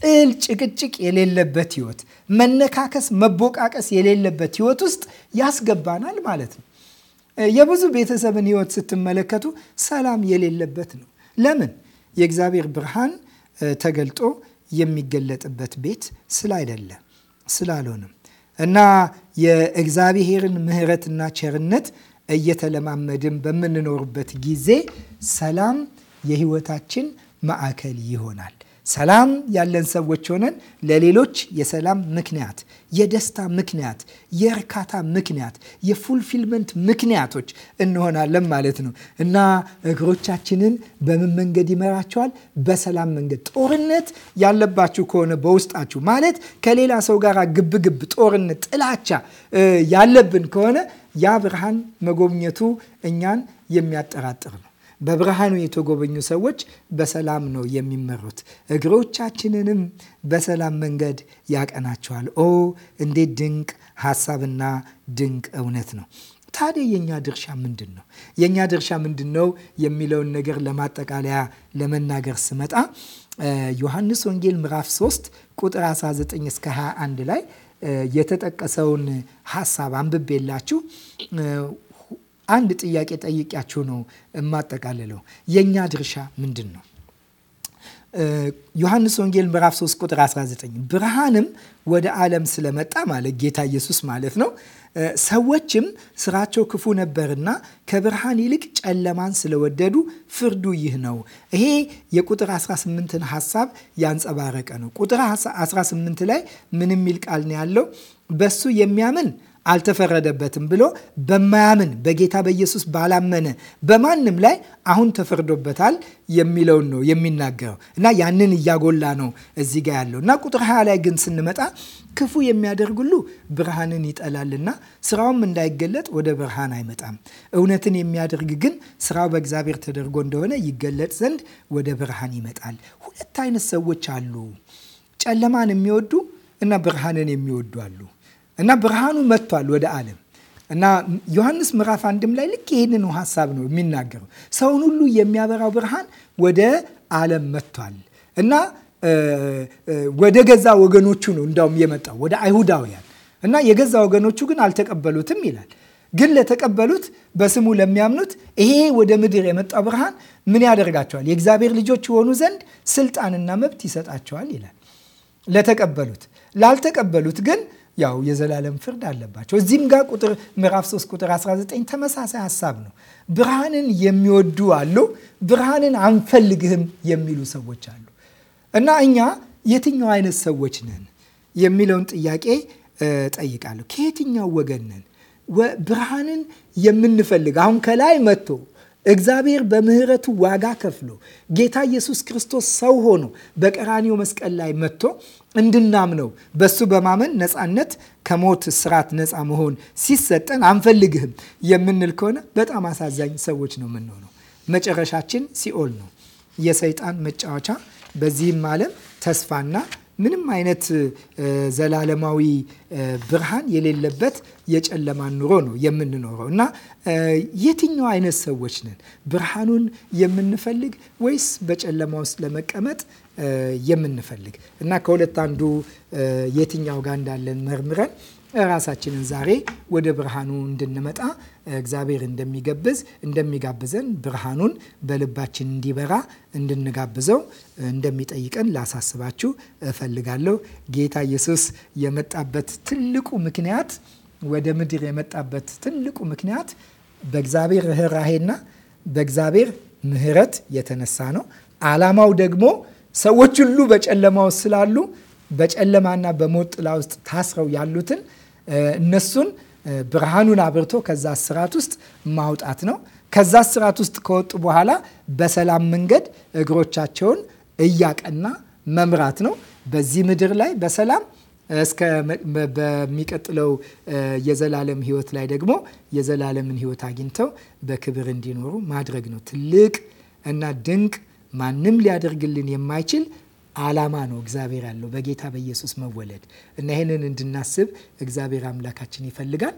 ጥል፣ ጭቅጭቅ የሌለበት ህይወት፣ መነካከስ፣ መቦቃቀስ የሌለበት ህይወት ውስጥ ያስገባናል ማለት ነው። የብዙ ቤተሰብን ህይወት ስትመለከቱ ሰላም የሌለበት ነው። ለምን? የእግዚአብሔር ብርሃን ተገልጦ የሚገለጥበት ቤት ስላይደለ ስላልሆነም እና የእግዚአብሔርን ምህረትና ቸርነት እየተለማመድን በምንኖርበት ጊዜ ሰላም የህይወታችን ማዕከል ይሆናል። ሰላም ያለን ሰዎች ሆነን ለሌሎች የሰላም ምክንያት፣ የደስታ ምክንያት፣ የእርካታ ምክንያት፣ የፉልፊልመንት ምክንያቶች እንሆናለን ማለት ነው እና እግሮቻችንን በምን መንገድ ይመራቸዋል? በሰላም መንገድ። ጦርነት ያለባችሁ ከሆነ በውስጣችሁ ማለት ከሌላ ሰው ጋር ግብግብ፣ ጦርነት፣ ጥላቻ ያለብን ከሆነ ያ ብርሃን መጎብኘቱ እኛን የሚያጠራጥር ነው። በብርሃኑ የተጎበኙ ሰዎች በሰላም ነው የሚመሩት። እግሮቻችንንም በሰላም መንገድ ያቀናቸዋል። ኦ እንዴት ድንቅ ሀሳብና ድንቅ እውነት ነው! ታዲያ የእኛ ድርሻ ምንድን ነው? የእኛ ድርሻ ምንድን ነው የሚለውን ነገር ለማጠቃለያ ለመናገር ስመጣ ዮሐንስ ወንጌል ምዕራፍ 3 ቁጥር 19 እስከ 21 ላይ የተጠቀሰውን ሀሳብ አንብቤላችሁ አንድ ጥያቄ ጠይቂያችሁ ነው የማጠቃልለው። የእኛ ድርሻ ምንድን ነው? ዮሐንስ ወንጌል ምዕራፍ 3 ቁጥር 19 ብርሃንም ወደ ዓለም ስለመጣ ማለት ጌታ ኢየሱስ ማለት ነው ሰዎችም ስራቸው ክፉ ነበርና ከብርሃን ይልቅ ጨለማን ስለወደዱ ፍርዱ ይህ ነው። ይሄ የቁጥር 18ን ሀሳብ ያንጸባረቀ ነው። ቁጥር 18 ላይ ምን የሚል ቃል ነው ያለው? በሱ የሚያምን አልተፈረደበትም ብሎ በማያምን በጌታ በኢየሱስ ባላመነ በማንም ላይ አሁን ተፈርዶበታል የሚለውን ነው የሚናገረው እና ያንን እያጎላ ነው እዚህ ጋር ያለው እና ቁጥር ሀያ ላይ ግን ስንመጣ ክፉ የሚያደርግ ሁሉ ብርሃንን ይጠላልና ስራውም እንዳይገለጥ ወደ ብርሃን አይመጣም። እውነትን የሚያደርግ ግን ስራው በእግዚአብሔር ተደርጎ እንደሆነ ይገለጥ ዘንድ ወደ ብርሃን ይመጣል። ሁለት አይነት ሰዎች አሉ። ጨለማን የሚወዱ እና ብርሃንን የሚወዱ አሉ። እና ብርሃኑ መጥቷል ወደ ዓለም እና ዮሐንስ ምዕራፍ አንድም ላይ ልክ ይህንኑ ሀሳብ ነው የሚናገረው። ሰውን ሁሉ የሚያበራው ብርሃን ወደ ዓለም መጥቷል እና ወደ ገዛ ወገኖቹ ነው እንዳውም የመጣው ወደ አይሁዳውያን እና የገዛ ወገኖቹ ግን አልተቀበሉትም ይላል። ግን ለተቀበሉት በስሙ ለሚያምኑት ይሄ ወደ ምድር የመጣው ብርሃን ምን ያደርጋቸዋል? የእግዚአብሔር ልጆች የሆኑ ዘንድ ስልጣንና መብት ይሰጣቸዋል ይላል። ለተቀበሉት ላልተቀበሉት ግን ያው የዘላለም ፍርድ አለባቸው። እዚህም ጋር ቁጥር ምዕራፍ 3 ቁጥር 19 ተመሳሳይ ሀሳብ ነው። ብርሃንን የሚወዱ አሉ፣ ብርሃንን አንፈልግህም የሚሉ ሰዎች አሉ። እና እኛ የትኛው አይነት ሰዎች ነን የሚለውን ጥያቄ ጠይቃለሁ። ከየትኛው ወገን ነን? ብርሃንን የምንፈልግ አሁን ከላይ መጥቶ እግዚአብሔር በምህረቱ ዋጋ ከፍሎ ጌታ ኢየሱስ ክርስቶስ ሰው ሆኖ በቀራኒው መስቀል ላይ መጥቶ እንድናምነው በሱ በማመን ነፃነት ከሞት ስራት ነፃ መሆን ሲሰጠን አንፈልግህም የምንል ከሆነ በጣም አሳዛኝ ሰዎች ነው የምንሆነው። መጨረሻችን ሲኦል ነው፣ የሰይጣን መጫወቻ፣ በዚህም ዓለም ተስፋና ምንም አይነት ዘላለማዊ ብርሃን የሌለበት የጨለማን ኑሮ ነው የምንኖረው እና የትኛው አይነት ሰዎች ነን? ብርሃኑን የምንፈልግ ወይስ በጨለማ ውስጥ ለመቀመጥ የምንፈልግ እና ከሁለት አንዱ የትኛው ጋር እንዳለን መርምረን ራሳችንን ዛሬ ወደ ብርሃኑ እንድንመጣ እግዚአብሔር እንደሚገብዝ እንደሚጋብዘን ብርሃኑን በልባችን እንዲበራ እንድንጋብዘው እንደሚጠይቀን ላሳስባችሁ እፈልጋለሁ። ጌታ ኢየሱስ የመጣበት ትልቁ ምክንያት ወደ ምድር የመጣበት ትልቁ ምክንያት በእግዚአብሔር ርኅራሄና በእግዚአብሔር ምሕረት የተነሳ ነው። ዓላማው ደግሞ ሰዎች ሁሉ በጨለማ ውስጥ ስላሉ በጨለማና በሞት ጥላ ውስጥ ታስረው ያሉትን እነሱን ብርሃኑን አብርቶ ከዛ ስርዓት ውስጥ ማውጣት ነው። ከዛ ስርዓት ውስጥ ከወጡ በኋላ በሰላም መንገድ እግሮቻቸውን እያቀና መምራት ነው። በዚህ ምድር ላይ በሰላም እስከ በሚቀጥለው የዘላለም ህይወት ላይ ደግሞ የዘላለምን ህይወት አግኝተው በክብር እንዲኖሩ ማድረግ ነው። ትልቅ እና ድንቅ ማንም ሊያደርግልን የማይችል ዓላማ ነው እግዚአብሔር ያለው በጌታ በኢየሱስ መወለድ እና ይህንን እንድናስብ እግዚአብሔር አምላካችን ይፈልጋል።